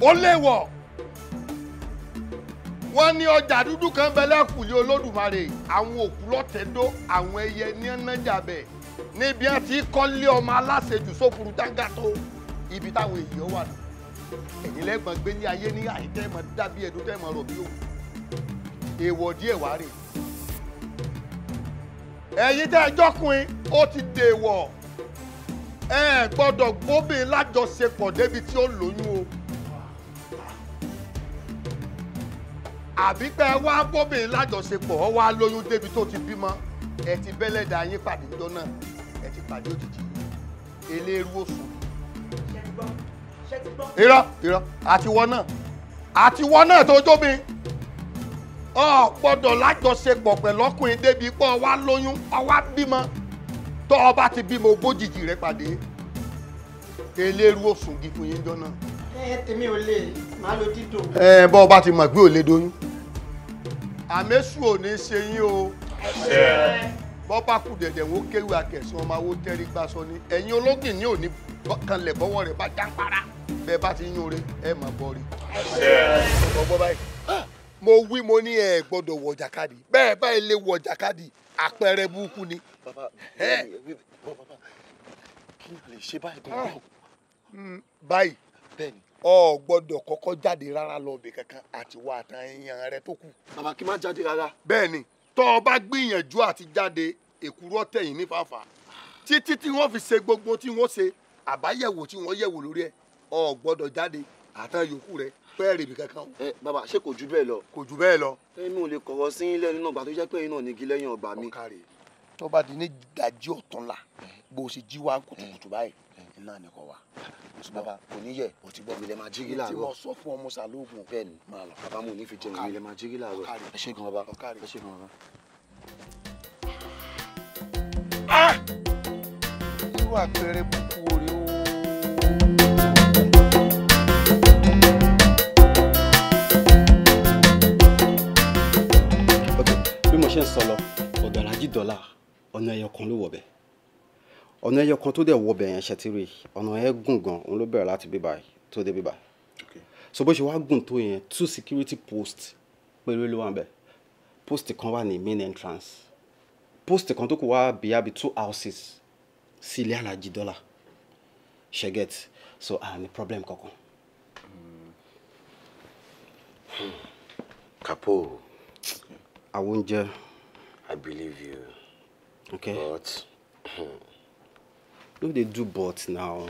ó léwọ̀ wọ́n ní ọjà dúdú kan bẹ lẹ́kùnlé olódùmarè àwọn òkú lọ́tẹ̀dó àwọn ẹyẹ ní ẹnájàbẹ̀ níbi wọn ti kọ́lé ọmọ aláṣejù sókùrú dáńgàtó ibi táwọn èèyàn wà nù ẹ̀yin lẹ́gbọ̀n gbé ní ayé ní àyítẹ́mọ̀ dàbí ẹ̀dùn tẹ́mọ̀ rọ̀ bí òun èèwọ̀ díẹ̀ wá rè ẹ̀yin tẹ́ ẹjọ́ kùn ó ti dèèwọ̀ ẹ gbọ́dọ̀ gbóbìn lájọṣepọ̀ débi tí ó lóyún o. àbí pé ẹ wá bóbìnrin lájọṣepọ̀ ọ wá lóyún débi tó ti bímọ ẹ ti bẹ́lẹ̀dà yín pàdé jọ náà ẹ ti pàdé òjijì eléru oṣù. irọ́ irọ́ àtiwọ́ náà àtiwọ́ náà tó jóbi ọ gbọ́dọ̀ lájọṣepọ̀ pẹ̀lú ọkùnrin débi pé ọ wá lóyún ọ wá bímọ tó o bá ti bímọ ogójìjì rẹ pàdé eléru oṣù di fún yín jọ náà. ẹ tèmi ò lè má lo dídò. ẹ bọ́ ọ bá ti mọ̀ pé ò lè doyún àmẹ́sù ò ní ṣe yín o. bọ́pá kù dẹ̀dẹ̀ wo kéwì akẹ̀sán ọmọ awó tẹ́rí gbà sọ ni ẹ̀yin ológin ní òní kanlẹ̀ bọ́wọ́ rẹ̀ bá dáńpara bẹ́ẹ̀ bá ti yín ore ẹ̀ máa bọ́ rí. Ah! mo wí mo ní ẹ gbọ́dọ̀ wọ jàkadì bẹ́ẹ̀ báyìí lè wọ jàkadì àpẹẹrẹ burúkú ni. báyìí ọ gbọ́dọ̀ kọ́kọ́ jáde rárá lọ ibì kankan àti wà tán èèyàn rẹ tó kù. bàbá kí n má jáde rárá. bẹ́ẹ̀ni tọ́ ọ bá gbìyànjú àti jáde èkúrọ́ tẹ̀yìn nífàáfàá títí tí wọ́n fi ṣe gbogbo tí wọ́n ṣe àbáyẹ̀wò tí wọ́n yẹ̀wò lórí ẹ̀ ọ gbọ́dọ̀ jáde àtàn yòókù rẹ pẹ́ẹ́rì ibì kankan. ẹ bàbá ṣé kò ju bẹ́ẹ̀ lọ. kò ju bẹ́ẹ̀ lọ. ẹnu ò lè kọ̀rọ̀ sí ilé ẹni náà gbà tó jẹ́ pé iná ò ní igi lẹ́yìn ọgbà mi. ọ̀kàrẹ̀ tó bá di ní ìdajì ọ̀túnla bó o ṣe jí wa kùtùkùtù báyìí náà ni kò wá bàbá kò ní yẹ o ti gbọ́ mi lẹ́ máa jírí làárọ̀ tí mo sọ fún ọmọ sàlóògùn bẹ́ẹ̀ ni máa lọ bàbá mo ní fi jẹun mi máa jírí làárọ̀ ẹ ṣe gan bàbá ẹ ṣe gan bàbá. Ah! irú àpẹẹrẹ búkú orí o. bí mo ṣe ń sọ lọ ọ̀gàràjì dọ́là ọ̀nà ẹyọ kan ló wọ̀bẹ̀ ọ̀nà ẹyọ kan tó dẹ̀ wọ̀bẹ̀ yẹn ṣẹtiri ọ̀nà ẹ gùn gan òun ló bẹ̀rẹ̀ láti bíbà tó dé bíbà so bó ṣe wá gùn tó yẹn two security posts. péré ló wà bẹ̀ post kan wà ní main entrance post kan tó kù wá bí abi two houses sí ilé alájí dọ́là ṣe get so a problem kankan. Kapo. I won't. I believe you. Okay. But look, they do but now.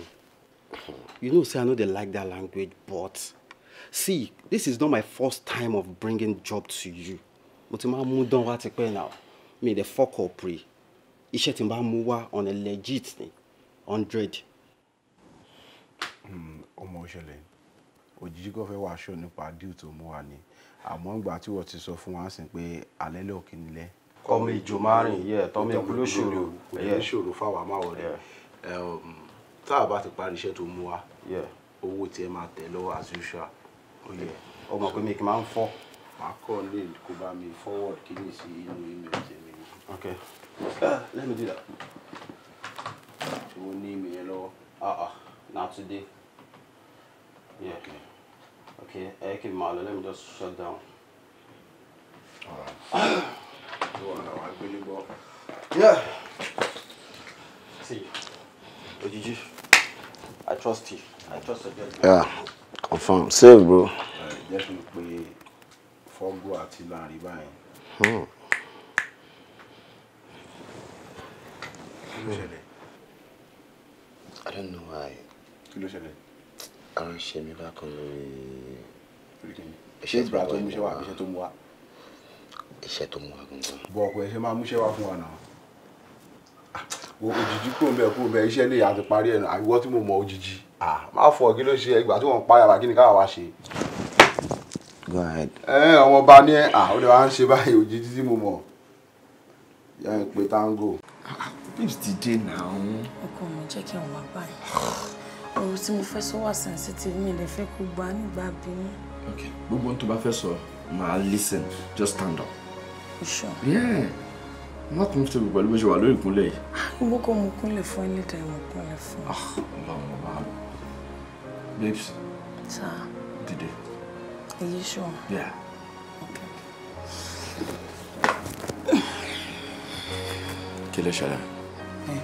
you know say I know they like that language but see this is not my first time of bringing job to you. But ti máa mú dán wá ti pẹ́ now. Mi dey fọ́kọ̀ pray. Iṣẹ́ tí n bá mú on a legit ni hundred. Hmm. òṣèlè òjijì kan fẹ́ wá aṣọ nípa deal tó mú wa ni àmọ́ ìgbà tí wọ́n ti sọ fún wa sí pé alẹ́ lọ́ọ̀kì nílẹ̀ kọ́mọ ìjò márùn yẹ tọ́mọ ìkúlò ṣòro ìkúlò ṣòro fáwọn amáwọ̀ rẹ̀ um, tá a bá ti parí iṣẹ́ tó mú wa owó tiẹ̀ máa tẹ̀ lọ́wọ́ as usual. ọmọ oh, pé mi kì í máa ń fọ́. màá kọ́ lè kó bá mi forward kí ni sí inú email tèmi. ok ah, let me do that. ṣé mo ní email yẹn lọ́wọ́? ah ah na today. Yeah. okay okay ẹ kì í máa lọ let me just shut down. All right. yeah see Ojiji i trust you i trust your yeah confirm, save bro. jẹ́ kí n pe fọ́gbó àti láàrin báyìí. Hmm. kí ló ṣẹlẹ̀. i don't know why. kí ló ṣẹlẹ̀. ara ń ṣe mí bákan lórí. ṣé ìgbà tó mú ṣe wà àbí ṣe tó iṣẹ́ tó mú wa gangan. bọ ọkọ ẹ ṣe máa múṣẹ́ wá fún wa náà òjijì kúrò bẹ́ẹ̀ kúrò bẹ́ẹ̀ iṣẹ́ lè àti parí ẹ̀ náà àìwọ́ tí mo mọ òjijì máa fọ kí ló ṣe ìgbà tí wọ́n ń payà wá kí ni káwa wá ṣe. go ahead. ẹ ọmọ ọba ní ẹ ó lè wá ń ṣe báyìí òjijì tí mo mọ yẹ ń pe tango. babes dìde náà. ọkọ mi jẹ́ kí n wá báyìí ọ̀rọ̀ tí mo fẹ́ sọ wà sensitive mi lè fẹ́ kó gbà nígbà bínú. ok gbogbo ohun tó bá fẹ́ sọ máa listen just stand up. You sure? Yeah. I'm not comfortable pẹ̀lú bó ṣe wà lórí ìkúnlẹ̀ yìí. Ah, gbogbo kò mú kúnlẹ̀ fún ẹ níta ìmọ̀ Ah, fún. Ọlọ́run ọba. Babes. Sir. Dìde. Are you sure? Yeah. Okay. Kí lè ṣẹlẹ̀? Eh,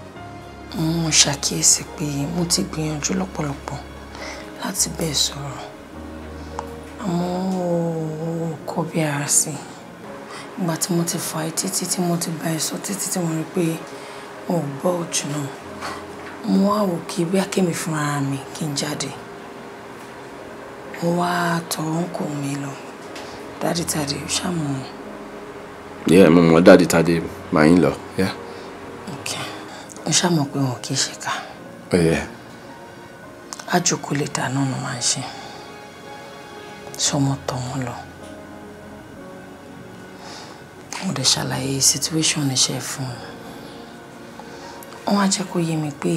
mo ṣàkíyèsí pé mo ti gbìyànjú lọ́pọ̀lọpọ̀ láti bẹ́ẹ̀ sọ̀rọ̀. Àmọ́ o kò bí ara sí i ìgbà tí mo ti fà á títí tí mo ti bá ẹ sọ títí tí mo rí pé o ò gbọ́ òjò náà mo wá wò kí bí akémi fúnra mi kí n jáde mo wá tọ̀ ọ́nkò mi lọ dáàdì tàdé ó ṣàmù. yẹ mo mọ dáàdì tàdé màá yín lọ. ok ó ṣàmù pé wọn kì í ṣe ká. Oh, àjòkò lè dáná ni máa ń ṣe sọmọ tọ̀ lọ mo dẹ̀ ṣàlàyé situation iṣẹ́ fún un wọ́n á jẹ́ kó yé mi pé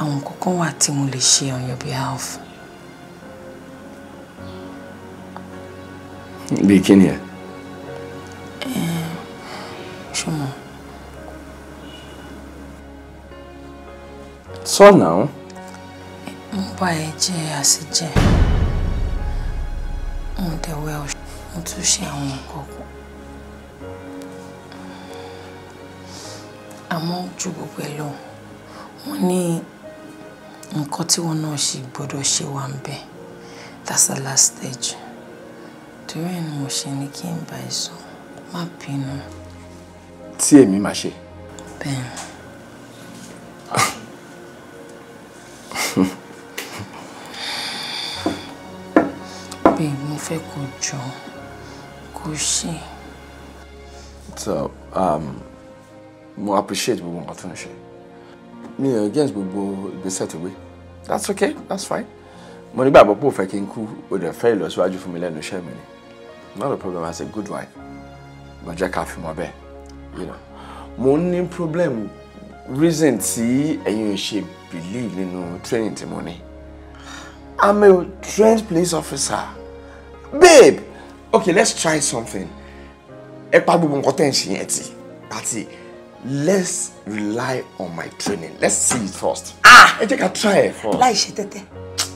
àwọn kankan wà tí mo lè ṣe on your behalf. bíi kí ni ẹ. ṣùgbọ́n. sọ náà. mo bá ẹ jẹ àṣejẹ mo dẹ̀ wẹ ọ mo tún ṣe àwọn nǹkan kan. àmọ́ ju gbogbo ẹ̀ lọ wọ́n ní nǹkan tí wọ́n náà ṣe gbọ́dọ̀ ṣe wà ń bẹ̀ that's the last stage torí ẹ̀ ni mo ṣe ní kí n bá ẹ sọ má bínú. tí èmi máa ṣe. bẹ́ẹ̀. babe mo fẹ́ kó jọ kó ṣe. so um, mo appreciate gbogbo nǹkan tó ń ṣe mi ò against gbogbo ìgbésẹ̀ tó gbé that's okay that's fine mo nígbàgbọ́ pé ò fẹ́ kí n kú o dẹ̀ fẹ́ ìlọsíwájú fún mi lẹ́nu iṣẹ́ mi ni not a problem as a good wife mo jẹ́ ká fi mọ́ bẹ́ẹ̀ you know mo ní problem reason tí ẹ̀yin ò ṣe believe nínú training tí mo ní i'm a trained police officer babe okay let's try something ẹ pa gbogbo nǹkan tẹ̀ ń ṣe yẹn ti pati let's rely on my training let's see it first. ah ẹ jẹ́ ká try it first. láì she, Tete.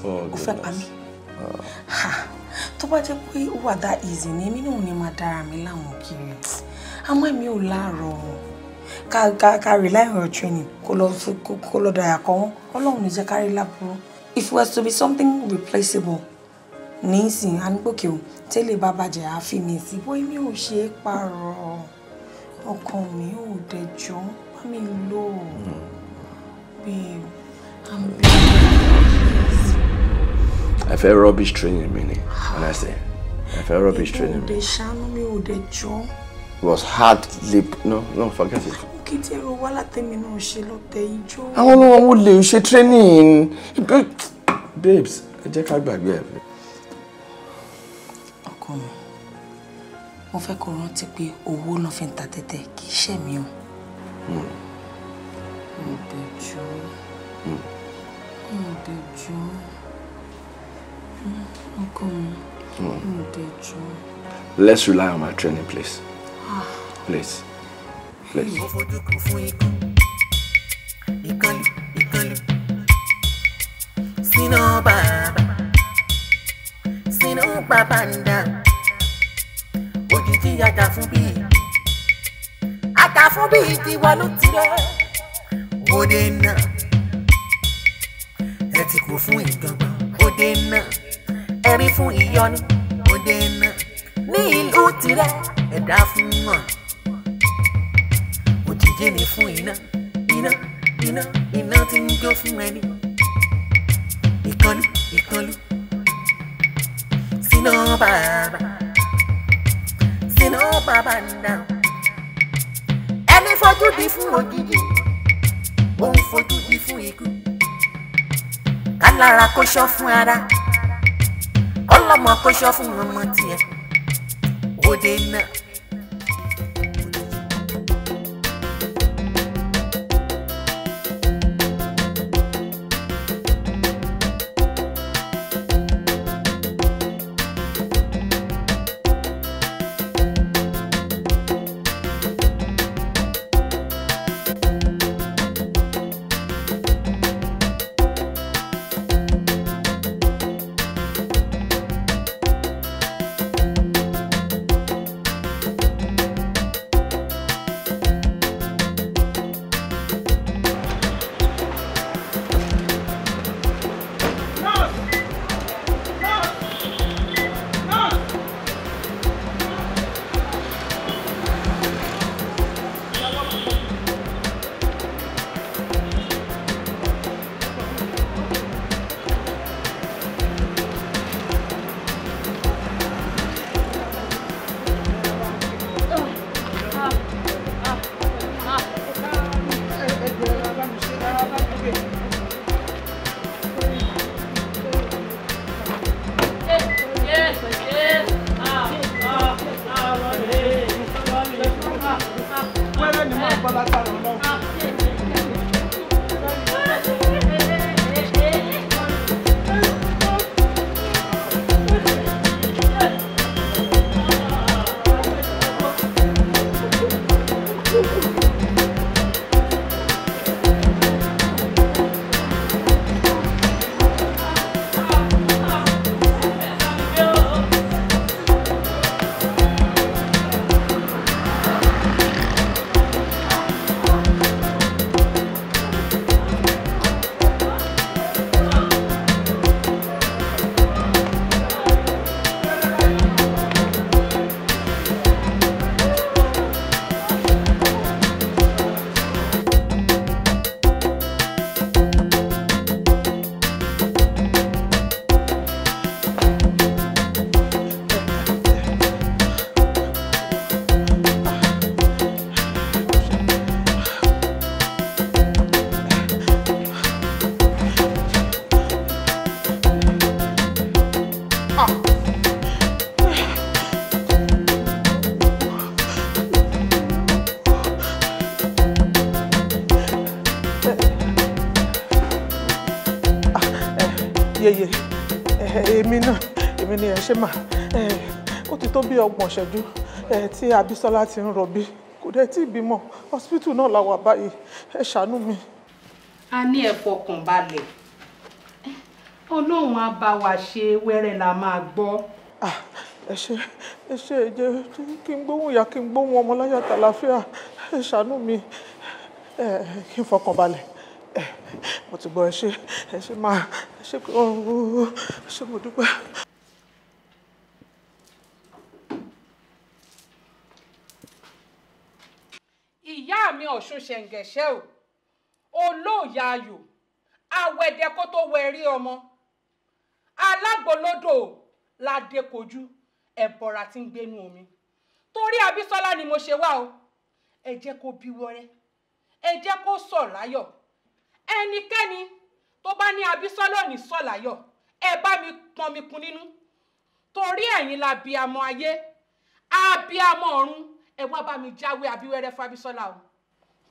Oh fẹ́ pa mí ah. tó bá jẹ́ pé that easy ni èmi náà ni máa dára mi láwọn kiri àmọ́ èmi ò láàárọ̀ ká ká ká rely on your training kó lọ kó lọ dàyà kọ́ wọn ọlọ́run ní jẹ́ ká rí láburú if it was to be something replaceable nísìnyí a ní pòkè o tẹ́lẹ̀ bá bàjẹ́ àáfíì mi sí bó èmi ò ṣe é ọkàn mi ò dẹjọ́ bá mi lò ó babe i'm ẹ fẹ́ rubbish training mi ni honestly ẹ fẹ́ rubbish training mi. ìbò òde ṣàánú mi ò dẹjọ́. it was hard lip no no forget it kí tí ẹ̀rọ wá látẹ̀mí náà ṣe lọ́tẹ̀ ijó. àwọn olówó wọn lè ṣe training babes ẹ jẹ́ ká gbàgbé ẹ̀. ọkọ mi mo fẹ́ kó rántí pé owó náà fi ń ta tẹ́tẹ́ kì í ṣe mí o. ìbẹ̀jọ́ hmm. hmm. ìbẹ̀jọ́ hmm. ọkọ ìbẹ̀jọ́. Let's rely on my training ah. please. Please. Please. bíi tiwa ló ti rẹ. òde náà ẹ ti kú fún ìdọ́gbọ̀n òde náà ẹ rí fún ìyọnu òde náà ní ìlú tirẹ̀ ẹ dá fún wọn. òjijì ni fún iná iná iná iná tí ń jó fún ẹni. ìkọlù ìkọlù sínú bàbá sínú bàbá náà fojú di fún òjijì ó fojú di fún ikú kálára kó sọ fún ara kọ́lọ́mọ kó sọ fún ọmọ tiẹ̀ òde náà. ṣe mà ó ti tó bí ọgbọ̀n ṣẹ́jú tí Abísọ́lá ti ń rọbí kò dẹ̀ tí ì bímọ hospital náà la wà báyìí ẹ ṣàánú mi. a ní ẹ fọkàn balẹ̀ ọlọ́run á bá wa ṣe wẹ́rẹ́ la máa gbọ́. ẹ ṣe ẹ ṣe èjè kí n gbóhùn ìyá kí n gbóhùn ọmọ láyà tàlàáfíà ẹ ṣàánú mi kí n fọkàn balẹ̀ mo ti gbọ́ ẹ ṣe ẹ ṣe máa ẹ ṣe kí ọrùn ẹ ṣe mo dúpẹ́. ìyá mi ọ̀ṣun ṣẹ̀ǹgẹ̀ṣẹ̀ o olóòyà ayò awẹ́dẹ́ kó tó wẹ rí ọmọ alágbolódò ládé kojú ẹ̀bọ̀ra tí ń gbénu omi torí abísọ́lá ni mo ṣe wá o ẹ jẹ́ kó bí wọ́rẹ́ ẹ jẹ́ kó sọ̀ láyọ̀ ẹnikẹ́ni tó bá ní abísọ́lá ò ní sọ̀ láyọ̀ ẹ bá mi pọnmi kun nínú torí ẹ̀yin la bí amọ ayé abíamọ ọ̀run ẹ wá bá mi jáwé abíwẹ́rẹ́ fábísọ́lá o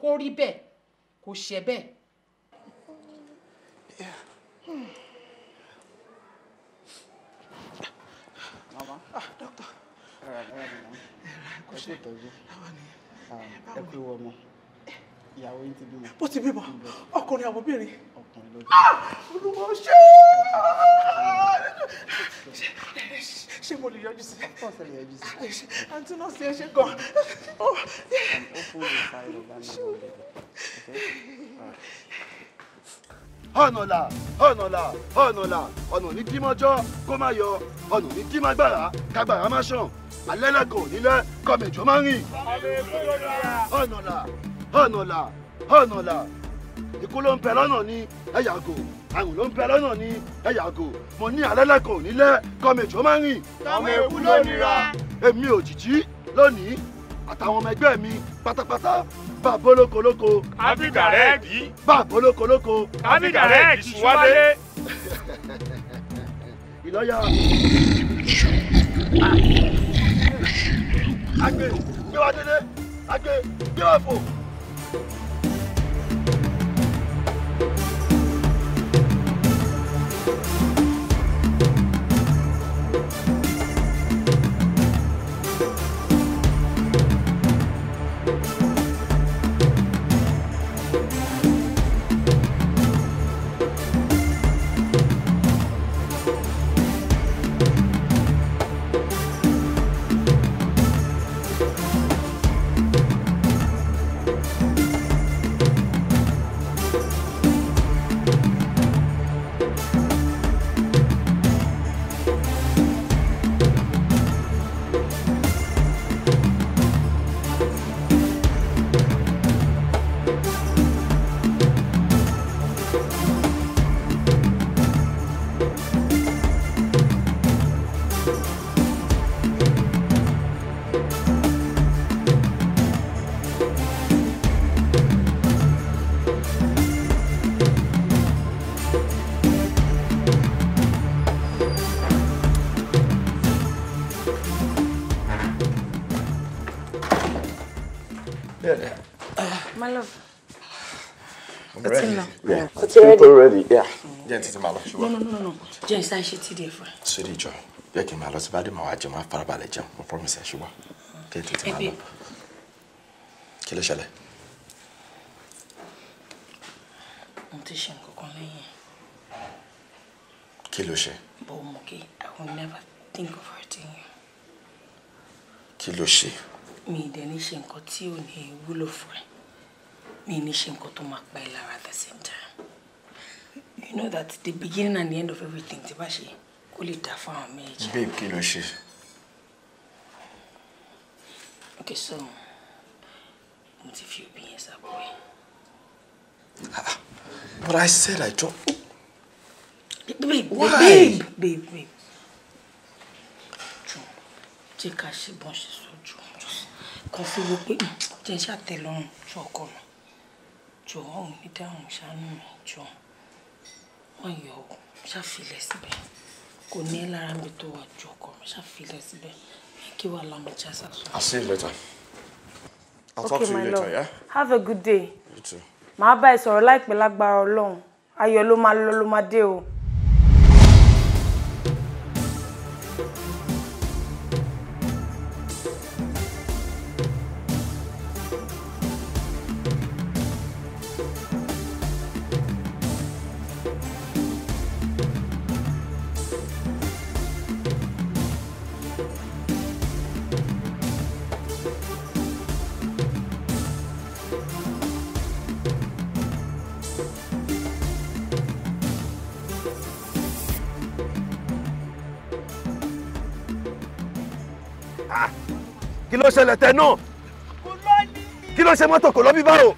kó rí bẹ́ẹ̀ kó ṣe bẹ́ẹ̀. ẹ kú ìwọ ọmọ ìyàwó yín ti bímọ. ó ti bímọ ọkùnrin àbọ̀bìnrin ọkùnrin lọ́jọ́. olùwọ́ ṣé ṣé mo lè yọjú sí. ọ̀sẹ̀ lè yọjú sí. àǹtí náà ṣe é ṣe gan. ó fún mi sáré lọ bá mi lọ ọ̀nà là ọ̀nà là ọ̀nà là ọ̀nà ní kí mọ́jọ́ kó má yọ ọ̀nà ní kí má gbàrà kágbàrà má ṣàn alẹ́lẹ́kọ̀ọ́ nílẹ̀ kọ́mẹ̀jọ́ má rìn. ọ̀nà là ọ̀nà ikú ló ń bẹ lọ́nà ní ẹ̀yàgò àrùn ló ń bẹ lọ́nà ní ẹ̀yàgò mo ní alẹ́lẹ́kọ̀ onílẹ̀ kọ́mẹ̀jọ́ máa ń rìn. ọmọ èkú ló nira. èmi òjìjí lónìí àtàwọn ọmọ ẹgbẹ́ mi pátápátá bá bólókolóko. abidàrẹ́ bí. bá bólókolóko. abidàrẹ́ bí ṣùwálé. ìlọ́yà. agbe gbé wa délé agbe gbé wa fò. already. already yeah. jẹ́ títí máa lọ no no no no jẹ́ ìsá ṣe tí díẹ̀ fún ẹ. sórí ìjọ jẹ́ kí n my lọ sí bàdé màá wá jẹun máa promise you, ṣùgbọ́n jẹ́ títí máa lọ. kí ló ṣẹlẹ̀. mo ti ṣe nǹkan kan lẹ́yìn. kí ló i will never think of hurting you. kí ló ṣe. mi ì dẹ̀ ní ṣe nǹkan tí ò ní wúlò fún ẹ mi ì ní ṣe nǹkan pa ẹ at the same time you know that the beginning and the end of everything tí call it a lè marriage. babe kí ló ṣe. okay so what if you òbí a boy? rẹ. but i said i don't. babe Why? babe babe babe jù jẹ́ ká ṣe bọ́n ṣe sọ jù kàn fi wo pé jẹ́ ṣàtẹ̀ lọ́rùn jù ọkọ mi jù ọ̀hún mi dáhùn wọ́n yọ ọ́ ṣàfilẹ̀ síbẹ̀ kò ní lára mi tó wà ju ọkọ mi ṣàfilẹ̀ síbẹ̀ kí wàá lámú jásà sọ. I'll see you later. I'll okay, talk to you later, love. yeah? Have a good day. You too. Màá bá ẹ sọ̀rọ̀ láìpẹ́ lágbára Ọlọ́run. Ayọ̀ ló máa lọ ló máa dé o. ló ṣẹlẹ̀ tẹ náà. kò lọ ní. kí ló ṣe mọ́tò kò lọ bí báwo.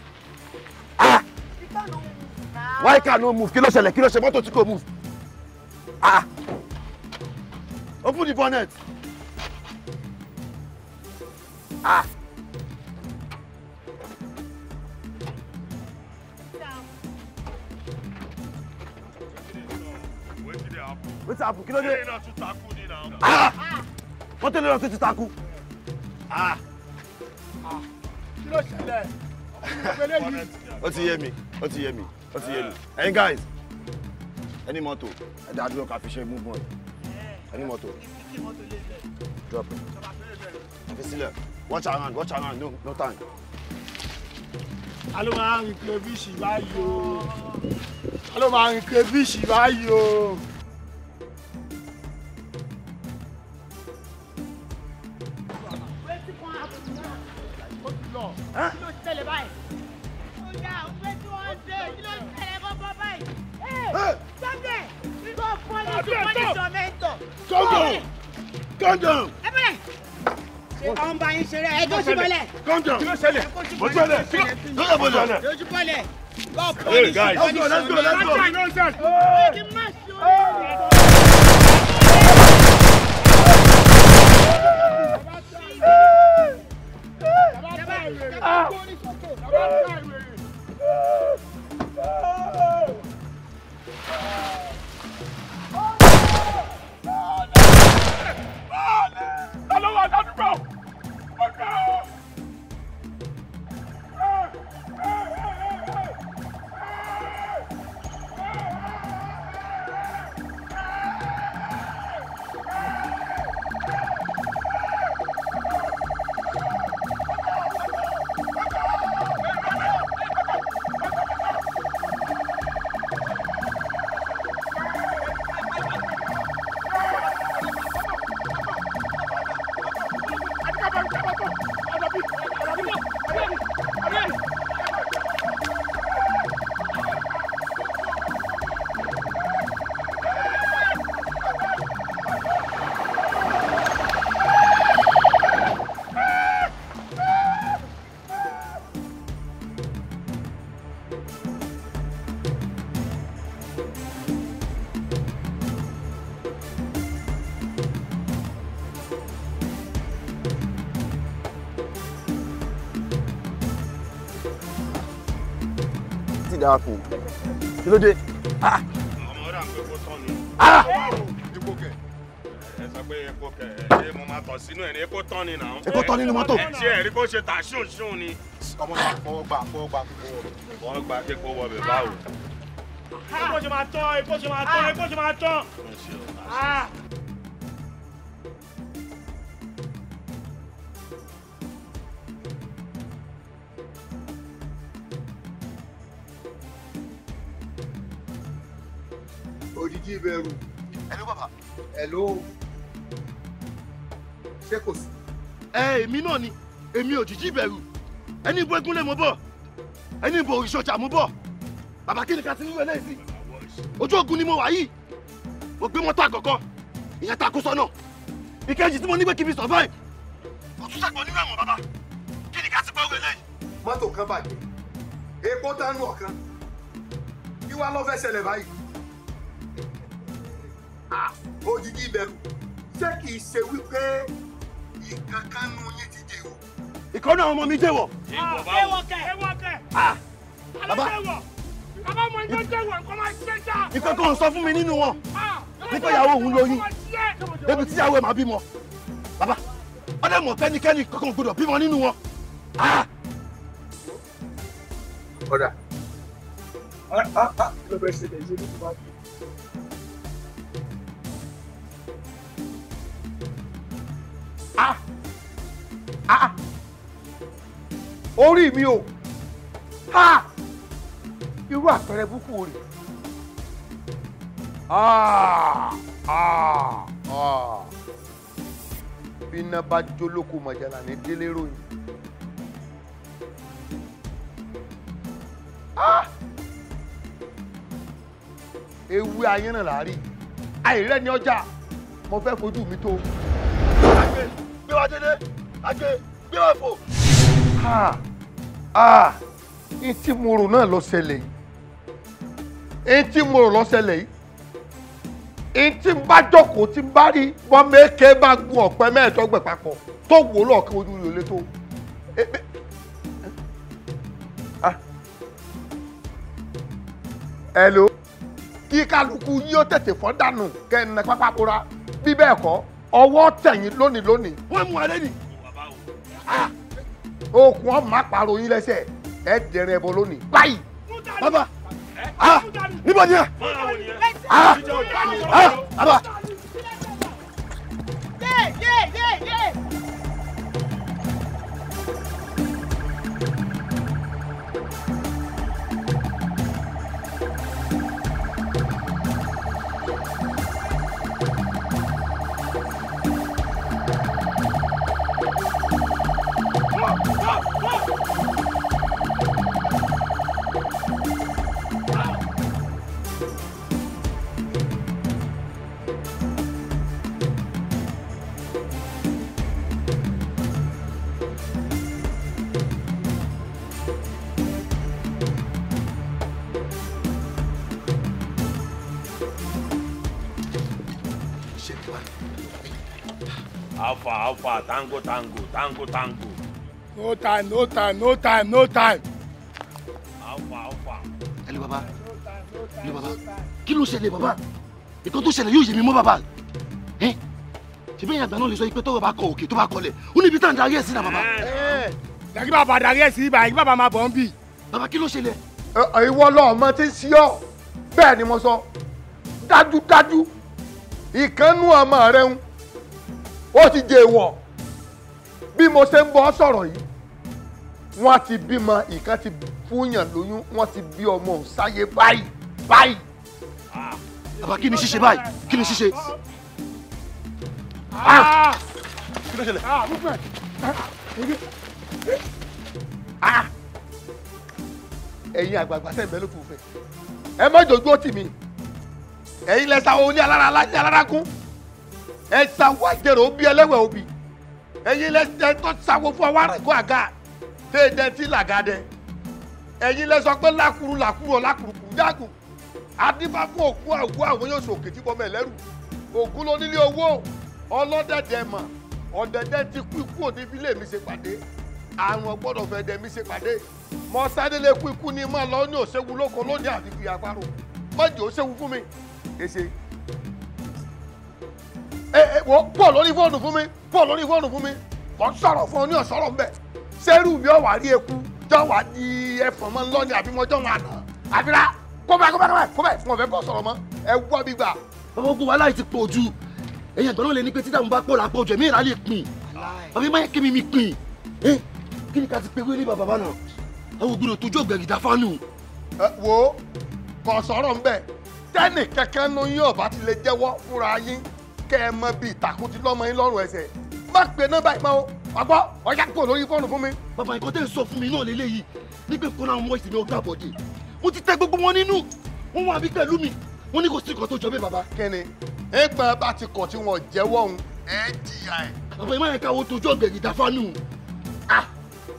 ah why can we move kí ló ṣẹlẹ̀ kí ló ṣe mọ́tò tí kò move. ah open the bonnet. ah. wetin happen kí ló dé. ah mọ́tò lè lọ sí ti takú kí ló ṣẹlẹ̀ ó ti yé mi ó ti yé mi ó ti yé mi ẹ̀yin guys Any ẹni mọ́tò ẹ dá dúró ká fi ṣe múgbọ́n ẹni mọ́tò drop it fi sílẹ̀ watch around watch around no no time. Hello, máa ń rìn kébíṣì báyìí o alo máa ń rìn kébíṣì Kime söyle? Boş ver lan. Dur da boş ver lan. Gözü böyle. kí ló Ah. Ah. rẹ̀ ń pẹ́ kó tán ni. dípò ah! kẹ̀ ẹ sọ pé epo kẹ̀ ẹ mo máa tọ̀ sínú ẹ̀ ní epo tán ni náà. epo tán nínú mọ́tò. ṣé ẹ̀rí kó ṣe tà ṣùn ṣùn ni. ọmọ náà fọwọ́ gbà fọwọ́ gbà Ah. wọ́n gba epo wọ bẹ̀ báwo. epo ṣe máa tán epo ṣe máa tán epo ṣe máa tán. hello ṣé kò sí. ẹ èmi náà ni èmi ò jìjì bẹ̀rù ẹni ibo egúnlẹ̀ mo bọ̀ ẹni ibo òrìṣọ́jà mo bọ̀ bàbá kí ni ká ti ń wẹ̀ lẹ́yìn sí ojú ogun ni mo wà yìí mo gbé mọ́tò àkọ́kọ́ ìyẹn takú sọ́nà ìkejì tí mo ní pé kí n fi survive kò tún ṣàgbọ́n nínú ẹ̀wọ̀n bàbá kí ni ká ti gbọ́ wẹ̀ lẹ́yìn. mọ́tò kan bàjẹ́ epo tánú ọ̀kan kí wàá lọ́ fẹ́ ṣẹlẹ̀ báyìí òjijì ìbẹ̀rù ṣé kìí ṣe wípé ìkankanú yín ti dè o. ìkọ́nà ọmọ mi jẹ́wọ̀. ẹwọ kẹ ẹwọ kẹ. bàbá bàbá mo ní jẹ́wọ̀ nǹkan máa ṣe dá. ìkọ̀kọ̀ sọ fún mi nínú wọn nípa ìyàwó òun lóyún débi tí ìyàwó ẹ̀ máa bímọ bàbá ọdẹ mọ̀ kẹ́nikẹ́ni kankan gbọdọ̀ bímọ nínú wọn. ọ̀dà kí ló bẹ̀rẹ̀ ṣe lè ṣe nípa bíi. ah ah orí mi o ha irú àpẹẹrẹ búkú rè ah ah ah bíná bá jólókò mọ̀jàlá ní délé ròyìn. Ah. ewé ayé náà láàárín àìrẹ́ ọjà mo fẹ́ fojú mi tó gbé wá délé àgbè gbé wá fò. n tí mo rò náà lọ ṣẹlẹ̀ n tí mo rò lọ ṣẹlẹ̀ yìí n tí n bá jókòó tí n bá rí wọn mẹ́kẹ́ bá gun ọ̀pẹ mẹ́ẹ̀ẹ́dọ́gbẹ̀ papọ̀ tó wò ó lọ́ọ̀kan ojú rí olé tó ah. hello kí kálukú yín tètè fọ́ dànù kẹ́ ẹ̀ nà pápá kóra bí bẹ́ẹ̀ ọwọ́ tẹ̀yìn lónìí lónìí. wọ́n mú alẹ́ nì. Ah! okùn ọmọ àpàrọ̀ yín lẹ́sẹ̀ ẹ dẹrẹ ẹbọ lónìí. báyìí bàbá ah! níbo ni ẹ ah! bàbá. how far tango tango tango tango. no time no time no time no time. how far how far. ẹlẹ baba ẹlẹ baba kí ló ṣẹlẹ̀ baba nǹkan tó ṣẹlẹ̀ yóò yé mi mọ́ baba ẹ ṣùgbọ́n ìyàgbà náà lè sọ pé tọ́wọ́ bá kọ òkè tó bá kọlẹ̀ ó níbi tá à ń darí ẹ̀ sí náà baba. dàgí bàbá darí ẹ̀ sí ibà yìí bàbá máa bọ̀ ń bì. baba kí ló ṣẹlẹ̀. ìwọ lọ́ọ̀mọ ti ṣí ọ bẹ́ẹ̀ ni mo sọ dájúdájú ìkànnú ọmọ rẹ ń ó ti jẹ wọn bí mo ṣe ń bọ́ sọ̀rọ̀ yìí wọ́n ti bímọ ìkan ti fúnyàn lóyún wọ́n ti bí ọmọ òsáyé báyìí báyìí. Ah, bàbá kí ni ṣíṣe báyìí kí ni ṣíṣe. Ah! Ah! kí ló ṣẹlẹ̀. ẹ̀yin àgbààgbà sẹ́yìn bẹ́ẹ̀ ló fò fẹ́ ẹ má jòjú ó tì mí ẹ̀yin lẹ́sà oní alára alájà alára kún ẹ sanwó àjẹrò bí ẹlẹ́wẹ̀ obì ẹ̀yin lẹ́sẹ̀ tó sanwó fún ọwọ́ àrẹ̀kọ́ àga tẹ́ ẹ dẹ́ ti làga dẹ ẹ̀yin lẹ sọ pé lákùrú làkùrú ọ̀làkùrùkù dákù adífá fún òkú àwòkú àwọn yóò sòkè tí bọ́mọ ẹlẹ́rù ògún ló nílé owó ọlọ́dẹ̀dẹ̀ mọ̀ ọ̀dẹ̀dẹ̀ ti kú ikú òní fi lè mi ṣe pàdé àrùn ọgbọ́dọ̀ fẹ́ dẹ̀ mi ṣe pàdé mọ sádélé kú ikú ni mọ́ lọ ní òṣèwú lóko lónìí àfi fi àparò mọ́jì òṣèwú fún mi èsè ẹ ẹ wọ́n pọ̀ lórí fóònù fún mi pọ̀ lórí fóònù fún mi mọ̀ ń sọ̀rọ̀ fún ọ ní ọ̀sọ̀rọ̀ ń bẹ̀ sẹ́rù mi ọ̀wà rí eku jọ̀wà di ẹ̀fọ̀n mọ́ ńlọ́ni àbí mọ́jọ́ wọn àná àbíra kọ́bẹ̀ kọ́bẹ̀ kọ́bẹ̀ kọ́bẹ̀ wọn fẹ́ bọ́ sọ̀rọ̀ mọ́ ẹ wọ́ bí gbà. bàbá ogun wàhálà ti pọ̀ ju èyí ẹ̀gbọ́n náà lè ní pé títà mo bá pọ̀ làpọ̀ jù èmi ìrà lè pin bàbá má yẹ kí mi mi pin ẹ kí ni ká ti pe wílé bàbá náà àwọn ògbìn òtún jọ gbẹ̀gìdà fánù. ẹ wo kò ń bẹ̀ tẹ́nì kẹ́kẹ́ ló yín ọ̀bá ti lè jẹ́wọ́ fúnra yín kẹ́ ẹ mọ bíi ìtàkùn ti lọ́mọ yín lọ́rùn ẹsẹ̀ má pe nọ́mbà ìpá o àgbọ̀ ọ̀yá kúrò lórí fóònù fún mi. bàbá nǹkan tẹ́ ń sọ fún mi náà lélẹ́yìí nígbà kan náà mọ ìsinmi ọ̀gá àbọ̀dé mo ti tẹ gbogbo wọn nínú wọn wà bí pẹ̀lú mi wọn ní kò sí nǹkan tó jọ bí bàbá. kẹ́ni ẹgbẹ́ bá ti kọ̀ tí wọ́n jẹ́wọ́ òun ẹ̀ jìyà ẹ̀. bàbá ìmọ̀ ẹ̀ka wo tójú ọ̀gbẹ̀rì ìdáfánù ah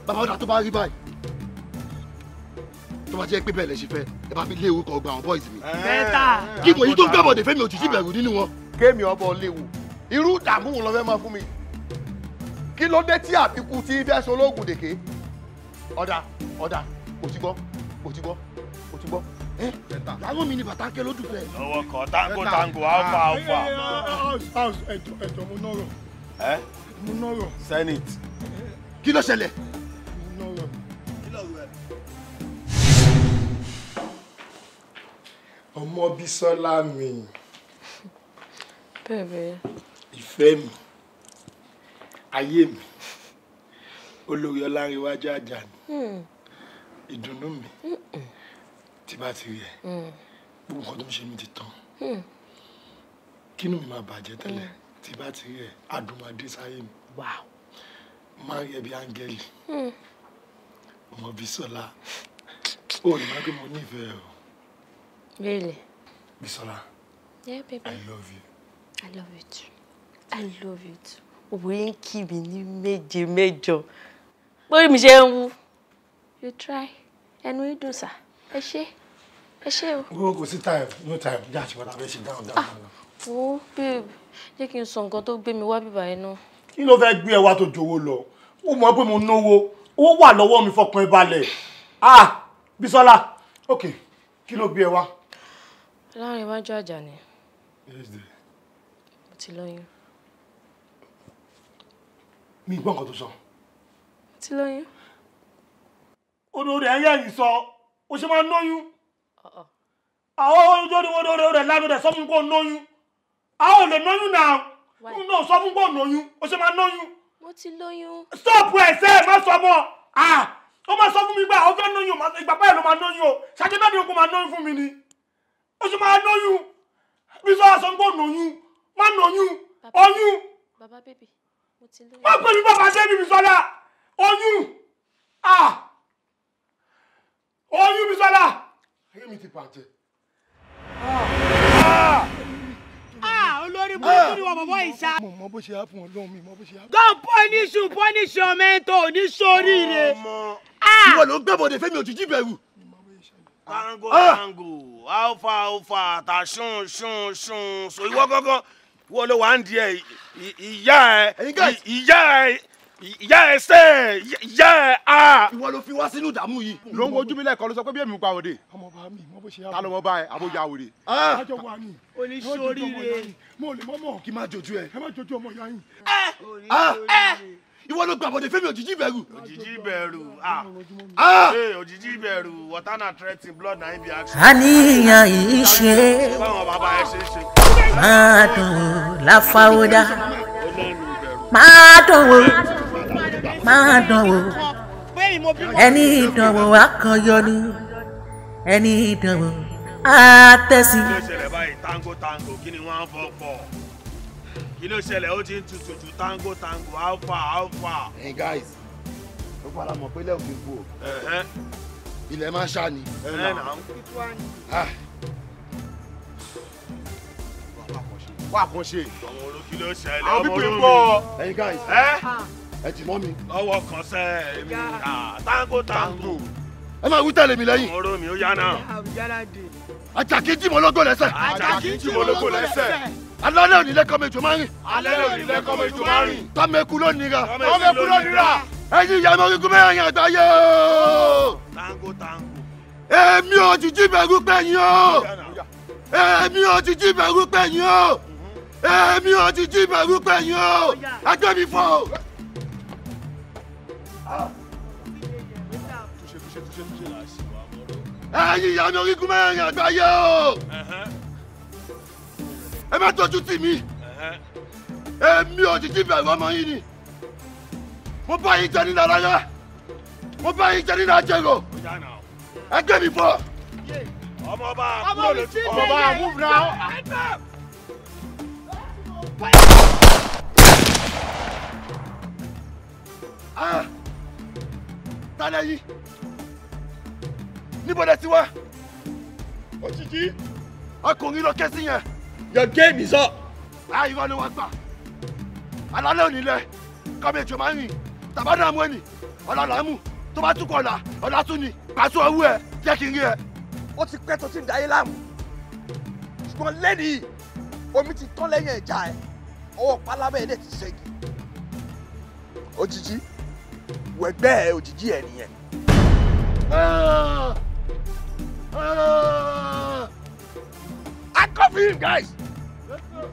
bàbá ọ̀dà tó bá rí báyìí tó bá jẹ́ pé bẹ́ẹ̀ lẹ ṣe fẹ́ ẹ bá fi lé orúkọ ọgbà àwọn bọ́ìsì mi. bẹ́ẹ̀ ta. kí ìwòyí tó ń gbàbọ̀dẹ̀ fẹ́mi òtútù ìbẹ̀rù nínú wọn kémi ọbọ léwu irú ìdààmú wo lọ máa fún mi kí ló dé tí àbíkú ti fẹ́ sológun dèké ọ̀dà ọ̀dà ó ti gbọ́ ó ti gbọ́ ó ti gbọ́. ẹ làwọn mi ni bàtà kẹ lójú rẹ. lọ́wọ́ kan tango tango alfa alfa. Eh, eh, eh, ẹjọ́ mo nọrọ. ẹ mo nọrọ. senate. kí ló ṣẹlẹ̀. ọmọ Bísọ́lá mi bẹ́ẹ̀ bẹ́ẹ̀. ìfẹ́ mi ayé mi olórí ọlárẹ̀wájú àjàní hmm. ìdùnnú mi hmm. tí bá ti rí ẹ hmm. gbogbo nǹkan tó ń ṣe mí ti tán kínú mi máa bàjẹ́ tẹ́lẹ̀ tí bá ti rí ẹ adùnmọ̀dé sáyé mi máa ń rí ẹ bí áńgẹ́lì ọmọ Bísọ́lá ó ní má pé mo nífẹ̀ẹ́ o. Really? Bisola. Yeah, baby. I love you. I love you too. I love you too. Òwò yẹn ń kí mi ní méje mẹ́jọ. Bóyá mi ṣe ń You try. Ẹnu yìí dùn sá. Ẹ ṣé. Ẹ ṣé o. Wo kò sí time no time ní àṣìwọ́n àbẹ́ ṣe dáhùn dáhùn. oh, babe jẹ́ kí n sọ nǹkan tó gbé mi wá bíbá ẹ̀ náà. Kí ló fẹ́ gbé ẹ wá tó jowó lọ? Ó mọ̀ pé mo náwó. Owó wà lọ́wọ́ mi fọkàn ẹ balẹ̀. Ah Bísọ́lá, ok, kí ló gbé ẹ wá? Láàrin iwájú àjà ni. Yes, dear ti lóyún. mi gbọ́ nǹkan tó sọ. mo ti lóyún. odò rẹ̀ ayé yìí sọ o ṣe máa ń lóyún. àwọn ojú rẹ̀ lánàá rẹ̀ sọ fún kó lóyún. àwọn ò lè lóyún náà n náà sọ fún kó lóyún o ṣe máa lóyún. mo ti lóyún. stop ẹ sẹ́ ẹ má sọ mọ́ ó máa sọ fún mi pé àwọn fẹ́ lóyún ìgbà báyìí ló máa lóyún o ṣáájú náà ni o kò máa lóyún fún mi ni o ṣe máa lóyún bí sọ má nà oyún oyún má pè mí bàbá débi Bísọ́lá oyún ah oyún Bísọ́lá ayé mi ti bàjẹ́. olórí burúkú ni wọn bọbọ ìṣá. mo mọ bó ṣe á fún Ọlọ́run mi mọ bó ṣe á. gan pọ́níṣù pọ́níṣù ọmọ ẹ̀ tó ní sóríire. ìwọ ló ń gbẹ́bọ̀dẹ̀ fẹ́mi òjijì bẹ̀rù. tango tango alfa alfa ta ṣun ṣun ṣun so ìwọ gángan wọ́n ló wà ń di ẹ̀ ìyá ẹ̀ ìyá ẹ̀ ìyá ẹ̀ sẹ́ ẹ̀ ìyá ẹ̀ a. ìwọ ló fi wá sínú ìdààmú yìí. ló ń wojú mi lẹ́ẹ̀kan ló sọ pé bí èmi ń pa òde. ọmọ bá mi mo bó ṣe àwọn. ta ló mọ bá ẹ àbójà òde. Ah! àjọ wà ní. oníṣòríire. mo lè kí n má jojú ẹ. ẹ má jojú ọmọ ìyá yín. ẹ eh! ẹ. Ah! Eh! Ah! ìwọ ló gba àbọ̀dé fẹ́mi òjijì bẹ̀rù. òjijì bẹ̀rù ah ee òjijì bẹ̀rù water na threat blood na ibi action. àníyàn yìí ṣe máa dùn láfáwọ́dá máa dùn wò máa dùn wò ẹni ìdánwò akọyọ ni ẹni ìdánwò àtẹ̀sí. kí báyìí tango tango kí ni wọ́n á fọ́ pọ̀ kí ló ó ti ń tutù ju tango tango alpha alpha. ẹ guys ó padà mọ̀ pé ilẹ̀ òkè kú o ilẹ̀ máa ṣá ni. ẹ nà ń kú. wà á ah. kàn ṣe. àwọn olókì ló ṣẹlẹ̀ ọmọ olómi. àwọn pípé pọ̀. ẹyin guys ẹ jì mọ́ mi. lọ́wọ́ kan sẹ́ èmi ta tango tango. ẹ máa wí tẹ̀lé mi lẹ́yìn. àwọn olómi ó yá náà. àjàkí jìmọ̀ lógo lẹ́sẹ̀. àjàkí jìmọ̀ lógo lẹ́sẹ̀ alẹ́ ló nílé kọ́ méjò máa rìn. alẹ́ ló nílé kọ́ méjò máa rìn. tọ́mẹ̀kú ló nira. tọ́mẹ̀kú ló nira. ẹyin ìyá mi orígun mẹ́rin àgbáyé o. tango tango. èmi ò ti jí bẹ̀rù pẹ̀yìn o. èmi ò ti jí bẹ̀rù pẹ̀yìn o. èmi ò ti jí bẹ̀rù pẹ̀yìn o. ẹgbẹ́ mi fọ́. ẹyin ìyá mi orígun mẹ́rin àgbáyé o ẹ bá tọ́jú tì mí èmi òjijì bẹ̀rù ọmọ yín ni mo bá yín jẹ ní nàráyà mo bá yín jẹ ní nàjẹrò ẹ gbé mi bọ. ọmọọba àbúrò lè tún ọmọọba àbúrò náà. Ah! Tálẹ̀ yìí! Níbo lẹ ti wá? Òjijì! Ọkùnrin ló ké yẹn your game is up. láyé ah, wọn ni wọn gbà alálẹ́ òní lẹ kọ́mi ètò máa ń rìn tàbádà mú ẹnì ọ̀la là ń mú tó bá tún kọ̀ ọ̀la ọ̀la tún ni pàṣẹ owó ẹ jẹ́ kí n rí ẹ. ó ti pẹ́ tó ti ń dayé láàmú ṣùgbọ́n lẹ́nìí omi ti tán lẹ́yìn ẹ̀já ẹ̀ ọwọ́ pálábẹ́ ẹ̀ dẹ̀ ti ṣẹ́gi òjijì wẹ̀gbẹ́ ẹ̀ òjijì ẹ̀ nìyẹn. Ah! Ah! Handcuff him, guys! Yes, sir.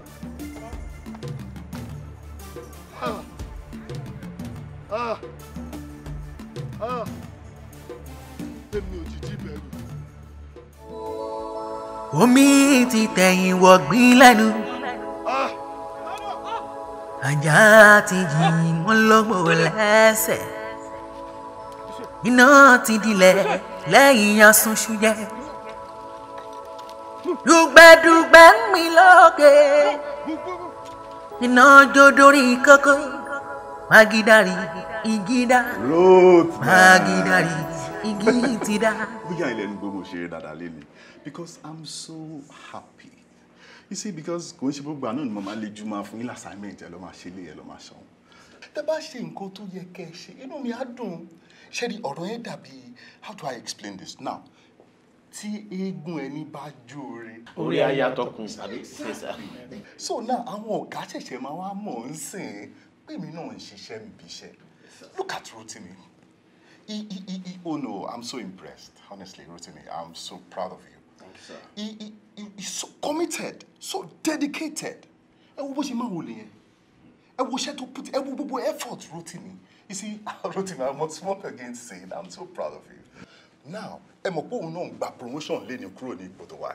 Ah. Ah. Ah. Èmi ò jìjì Omi ti tẹ̀yìn wọ̀gbìn lẹ́nu. Ajá ti yìn wọ́n lọ́gbọ̀ lẹ́sẹ̀. Iná ti dilẹ̀ lẹ́yìn asunṣu jẹ́ dùgbẹ́dùgbẹ́ ń mi lókè iná jó dórí kókó magidari igida magidari igitida. bóyá ilẹ̀ ní gbogbo ṣe dáadáa lélẹ̀ because i'm so happy you see because kò ń ṣe gbogbo àná ni mo máa lè jù máa fún yín assignment ẹ lọ máa ṣe ilé ẹ lọ máa ṣan tẹ bá ṣe nǹkan tó yẹ kẹ ẹ ṣe inú mi á dùn ṣé ọ̀rọ̀ yẹn dàbí how do i explain this now tí eégún ẹni bá jó re. orí ayé atọ́kùn sàbí ṣèṣà. so now àwọn ọ̀gá ṣẹ̀ṣẹ̀ máa wá mọ̀ ń sìn pé mi náà ń ṣiṣẹ́ mi iṣẹ́ look at Rotimi he he he he oh no i'm so impressed honestly Rotimi i'm so proud of you. thank you sir. he he he so committed so dedicated ẹ wo bó ṣe máa wọlé yẹn ẹ wo iṣẹ́ tó put ẹ wo gbogbo effort Rotimi you see Rotimi i'm not small against saying i'm so proud of you now ẹ mọ̀ pé òun náà gba promotion lé ní kúrò ní ipò tó wà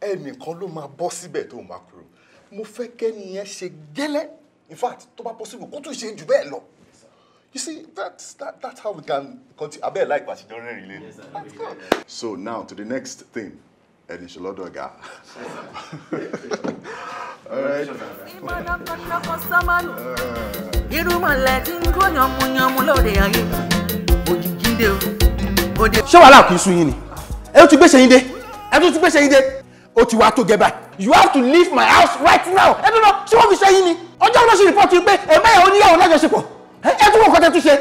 ẹnìkan ló máa bọ́ síbẹ̀ tó máa kúrò mo fẹ́ kẹ́ni yẹn ṣe gẹ́lẹ́ in fact tó bá possible kó tún ṣe jù bẹ́ẹ̀ lọ you see that's that, that's how we can continue abeg like pàṣẹ don rẹ́rìn lé so now to the next thing ẹni ṣe lọ́dọ̀ ga. irú mọ̀lẹ́ tí ń kó yànmùyànmù lóde ayé òjijì dé o nǹkan dé. ṣé wàhálà kì í sun yín ni ẹ tún gbèsè yín dé ẹ tún gbèsè yín dé ó ti wá tó gẹ you have to leave my house right now ẹ dúró ṣé wọ́n fi ṣe yín ni ọjọ́ wọn ṣe report pé ẹ̀mọ́ ẹ̀ oníyàwó lájọṣepọ̀ ẹ tún wọ́n kọ́ tẹ́ tún ṣe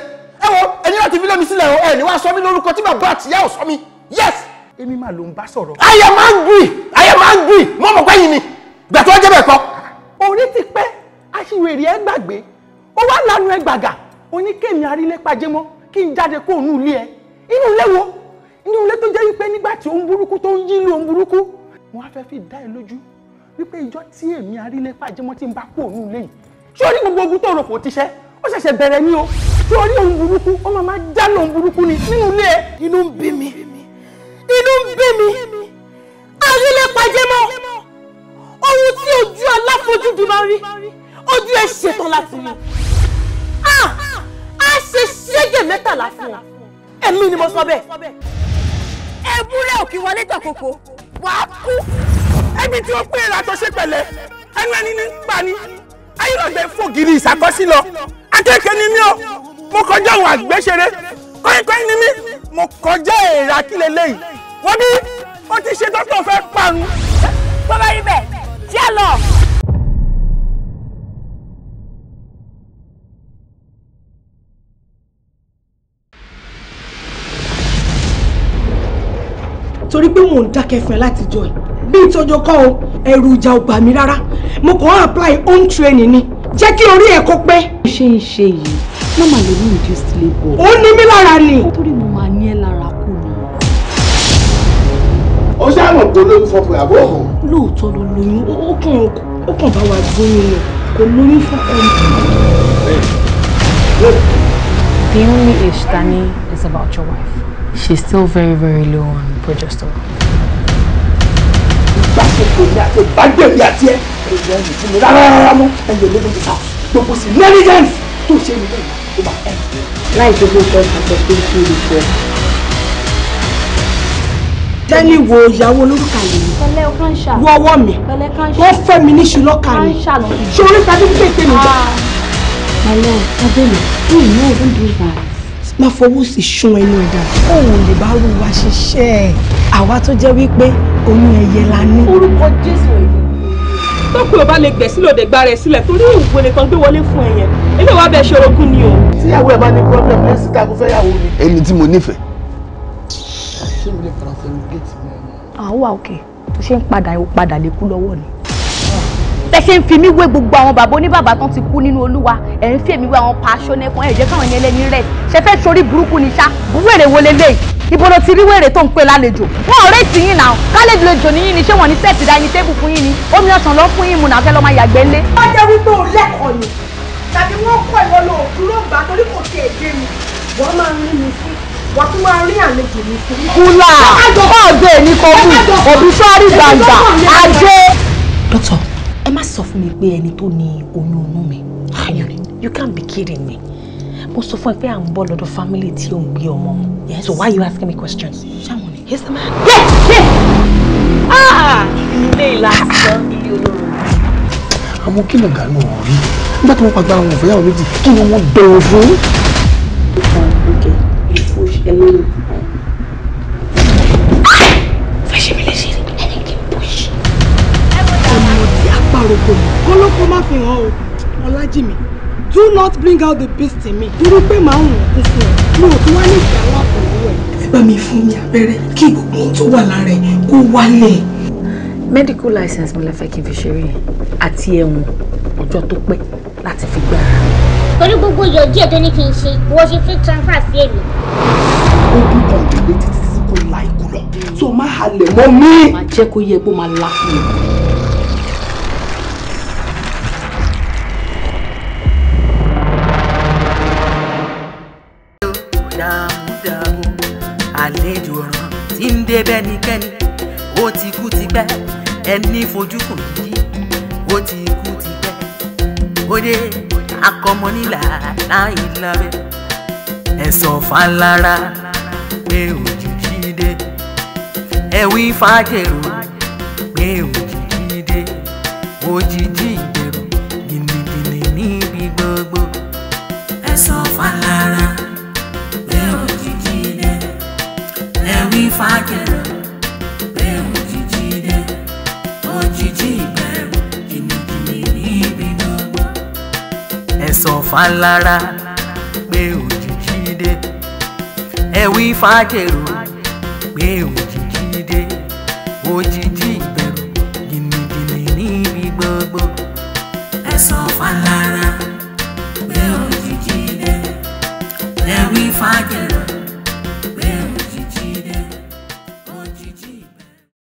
ẹ wo ẹni láti fi lómi sílẹ̀ o ẹ ní wàá sọ mí lórúkọ tí bàbá àtìyá ò sọ mí yes. èmi máa ló ń bá sọ̀rọ̀. I am angry I am angry mo mọ̀ pé yìí ni gbàtọ́ jẹ́ bẹ́ẹ̀ kọ́. orí ti pẹ́ aṣiwèrè ẹ gbàgbé ó wá lanu ẹ gbàgà oníkèmí arílẹ̀ pàjẹ́mọ́ kí n jáde kó òun ilé ẹ inú ilé wo inú ilé tó jẹ́ wípé nígbà tí òun burúkú tó ń yílu òun burúkú mo wá fẹ́ fi dá ẹ lójú wípé ìjọ tí èmi arílẹ́pà jẹ́mọ́ tí ń bá kú òun lẹ́yìn ṣé o ní gbogbo ogun tó rò kò ti ṣẹ́ ó ṣẹ̀ṣẹ̀ bẹ̀rẹ̀ ní o ṣé o rí òun burúkú ó máa máa já lòun burúkú ni nínú ilé ẹ. inú ń bí mi inú ń bí mi arílẹ́pà jẹ́mọ́ ohun tí ojú aláfojúdi máa rí ojú ẹ ṣetán láti rí ah! a ṣe ṣẹ́gẹ̀ mẹ́tàlá fún ọ èmi ni mo sọ bẹ́ẹ̀. ewúrẹ́ òkè wọlé tọ̀kòkò wàá kú. ẹbí tí ó pé ìlàtọ̀ ṣe pẹ̀lẹ́ ẹnu ẹni ní pani ayélujára fògiri ìṣàkọsí lọ akẹ́kẹ́ ni mí o mo kọjá àwọn àgbẹ̀ṣeré kọ́ńkọ́ń ni mí mo kọjá èrè akílẹ̀ lẹ́yìn wọ́n bí ó ti ṣe dókítà fẹ́ parun. bọ́lá ibẹ̀ jẹ́ lọ. torí pé mò ń dákẹ́ fún ẹ látijọ́ ẹ̀ bí ìtọ́jọ́ kọ́ o ẹ̀rù ò bà mí rárá mo kàn án apply home training ni jẹ́ kí orí ẹ̀ kó pé. ṣé ń yìí wọ́n máa lè ní induced labour. ó ní mí lára ni. torí mo máa ní ẹ lára kù ni. ó ṣàmọ̀ pé olóyún fọkùn àbọ̀ ọ̀hún. lóòótọ́ ló lóyún ó kàn ó kàn bá wa gbóyún ni kò lóyún fọkùn. The only issue, Danny, is about your wife. She's still very, very low on progesterone. ìbáṣepọ̀ ni àti ìbágbèrè àti ẹ kò yẹ ẹ̀yìn fún mi rárá rárá mọ́ ẹ̀yìn olóògbé ti sá gbogbo sí nẹ́lígẹ́ǹsì tó ṣe mí lẹ́yìn tó bá ẹ̀. láì tó tó tọ́ àtọ̀ tó ń kiri fún ẹ. Tẹ́lí wo ìyàwó olórúkà yìí? Pẹ̀lẹ́ kánṣà. Wọ ọwọ́ mi. Pẹ̀lẹ́ kánṣà. Wọ́n fẹ́ mi ní ṣùlọ́kà mi. Kánṣà lọ. Ṣé orí ta ní pèpè mi ah. Pẹ̀lẹ́, Adéle, you know, don't do that máa fọwọ́ sí sun ẹnu ẹ̀ dà òun lè bá rú wa ṣiṣẹ́ àwa tó jẹ́ wípé oyún ẹyẹ la ní. orúkọ jésù èyí tọ́kùn ò bá lè gbẹ̀ sílẹ̀ òde gbára ẹ̀ sílẹ̀ torí ìwé nìkan gbé wọlé fún ẹ̀yẹn ilé wa bẹ́ẹ̀ ṣe orogún ni o. tíyàwó ẹ bá ní problem ẹ síta kó fẹ́yàwó mi. ẹni tí mo nífẹ̀ẹ́. ṣé mi lè fara fẹ́ mi géètì mi. àwọn wa òkè bẹ́ ṣe ń fi mí wé gbogbo àwọn bàbá oníbàbà tán ti kú nínú olúwa ẹ̀ ń fi èmi wé àwọn paṣọ nẹ́kan ẹ̀ jẹ́ káwọn yẹn lẹ́ni rẹ̀ ṣe fẹ́ sori burúkú ni ṣá wèrè wo lélẹ̀ ibo ló ti rí wèrè tó ń pè lálejò wọn ò rètí yín náà kálejò lejò ní ni ṣé wọn ní sẹ́ẹ̀tì dá tébù fún yín ni omi ọ̀sán ló fún yín mu náà fẹ́ lọ́ọ́ máa yàgbẹ́ lé. wọ́n jẹ́ wípé òun lẹ́kọ̀ọ́ ni tàbí wọ́n kọ́ ìwọ lo òdúró gbà torí kò ṣe èdè mi wọ́n máa rí mi sí wọ́n tún máa rí àlejò mi sí. kúlà ọ̀gbẹ́ ní kọ́kù òbí sọ́ọ́rì gbàǹgbà ajé. dókítà má sọ fún mi pé ẹni tó ní oyún inú mi ayọ̀rẹ́ you can't be kidding me mo sọ fún ẹ pé à ń bọ́ lọ́dọ̀ family tí ò ń gbé ọmọ mu so why are you asking me questions ṣáwọn ni he's the man. ilé ìlàsán ilé olóró. àwọn kí lọ̀gá náà wọ̀ rí nígbà tí wọ́n pa agbára wọn fẹ́yàwó méjì kí ni wọ́n bẹ̀rù fún. ìfọ̀n òkè ìfọ̀ṣẹ́ lórí. má fi hàn o ọlájìmí do not bring out the beast in me irú pé màá hùn ọ̀kú fún ẹ mi ò tún wá ní ìgbà aláàbò ẹ. ẹ bá mi fún mi abẹ́rẹ́ kí gbogbo ohun tó wà lára ẹ kó wálẹ̀. medical license mi la fẹ́ kí n fi ṣeré yẹn àti ẹ̀wọ̀n ọjọ́ tó pẹ́ láti fi gbára. torí gbogbo yọjú ẹ̀ tó ní kí n ṣe wọ́n ṣe free transfer sí èmi. ó dún kan ìdílé títí tí kò la ikú lọ tó máa halẹ̀ mọ́ mi. màá jẹ́ kó yẹ kó máa lá fún mi. àlejò ọ̀ràn tí ń dé bẹ́nikẹ́ni ó ti kú tipẹ́ ẹni fojú kò yí ó ti kú tipẹ́ ó dé akọmọ nílà láì lábẹ́ ẹ̀sọ̀ fàlàrà pé òjijì dé ẹ̀wí fàjẹ̀rò pé òjijì dé òjijì dé. Falara, pé òjijì dé ẹ wí fàjẹrò pé òjijì.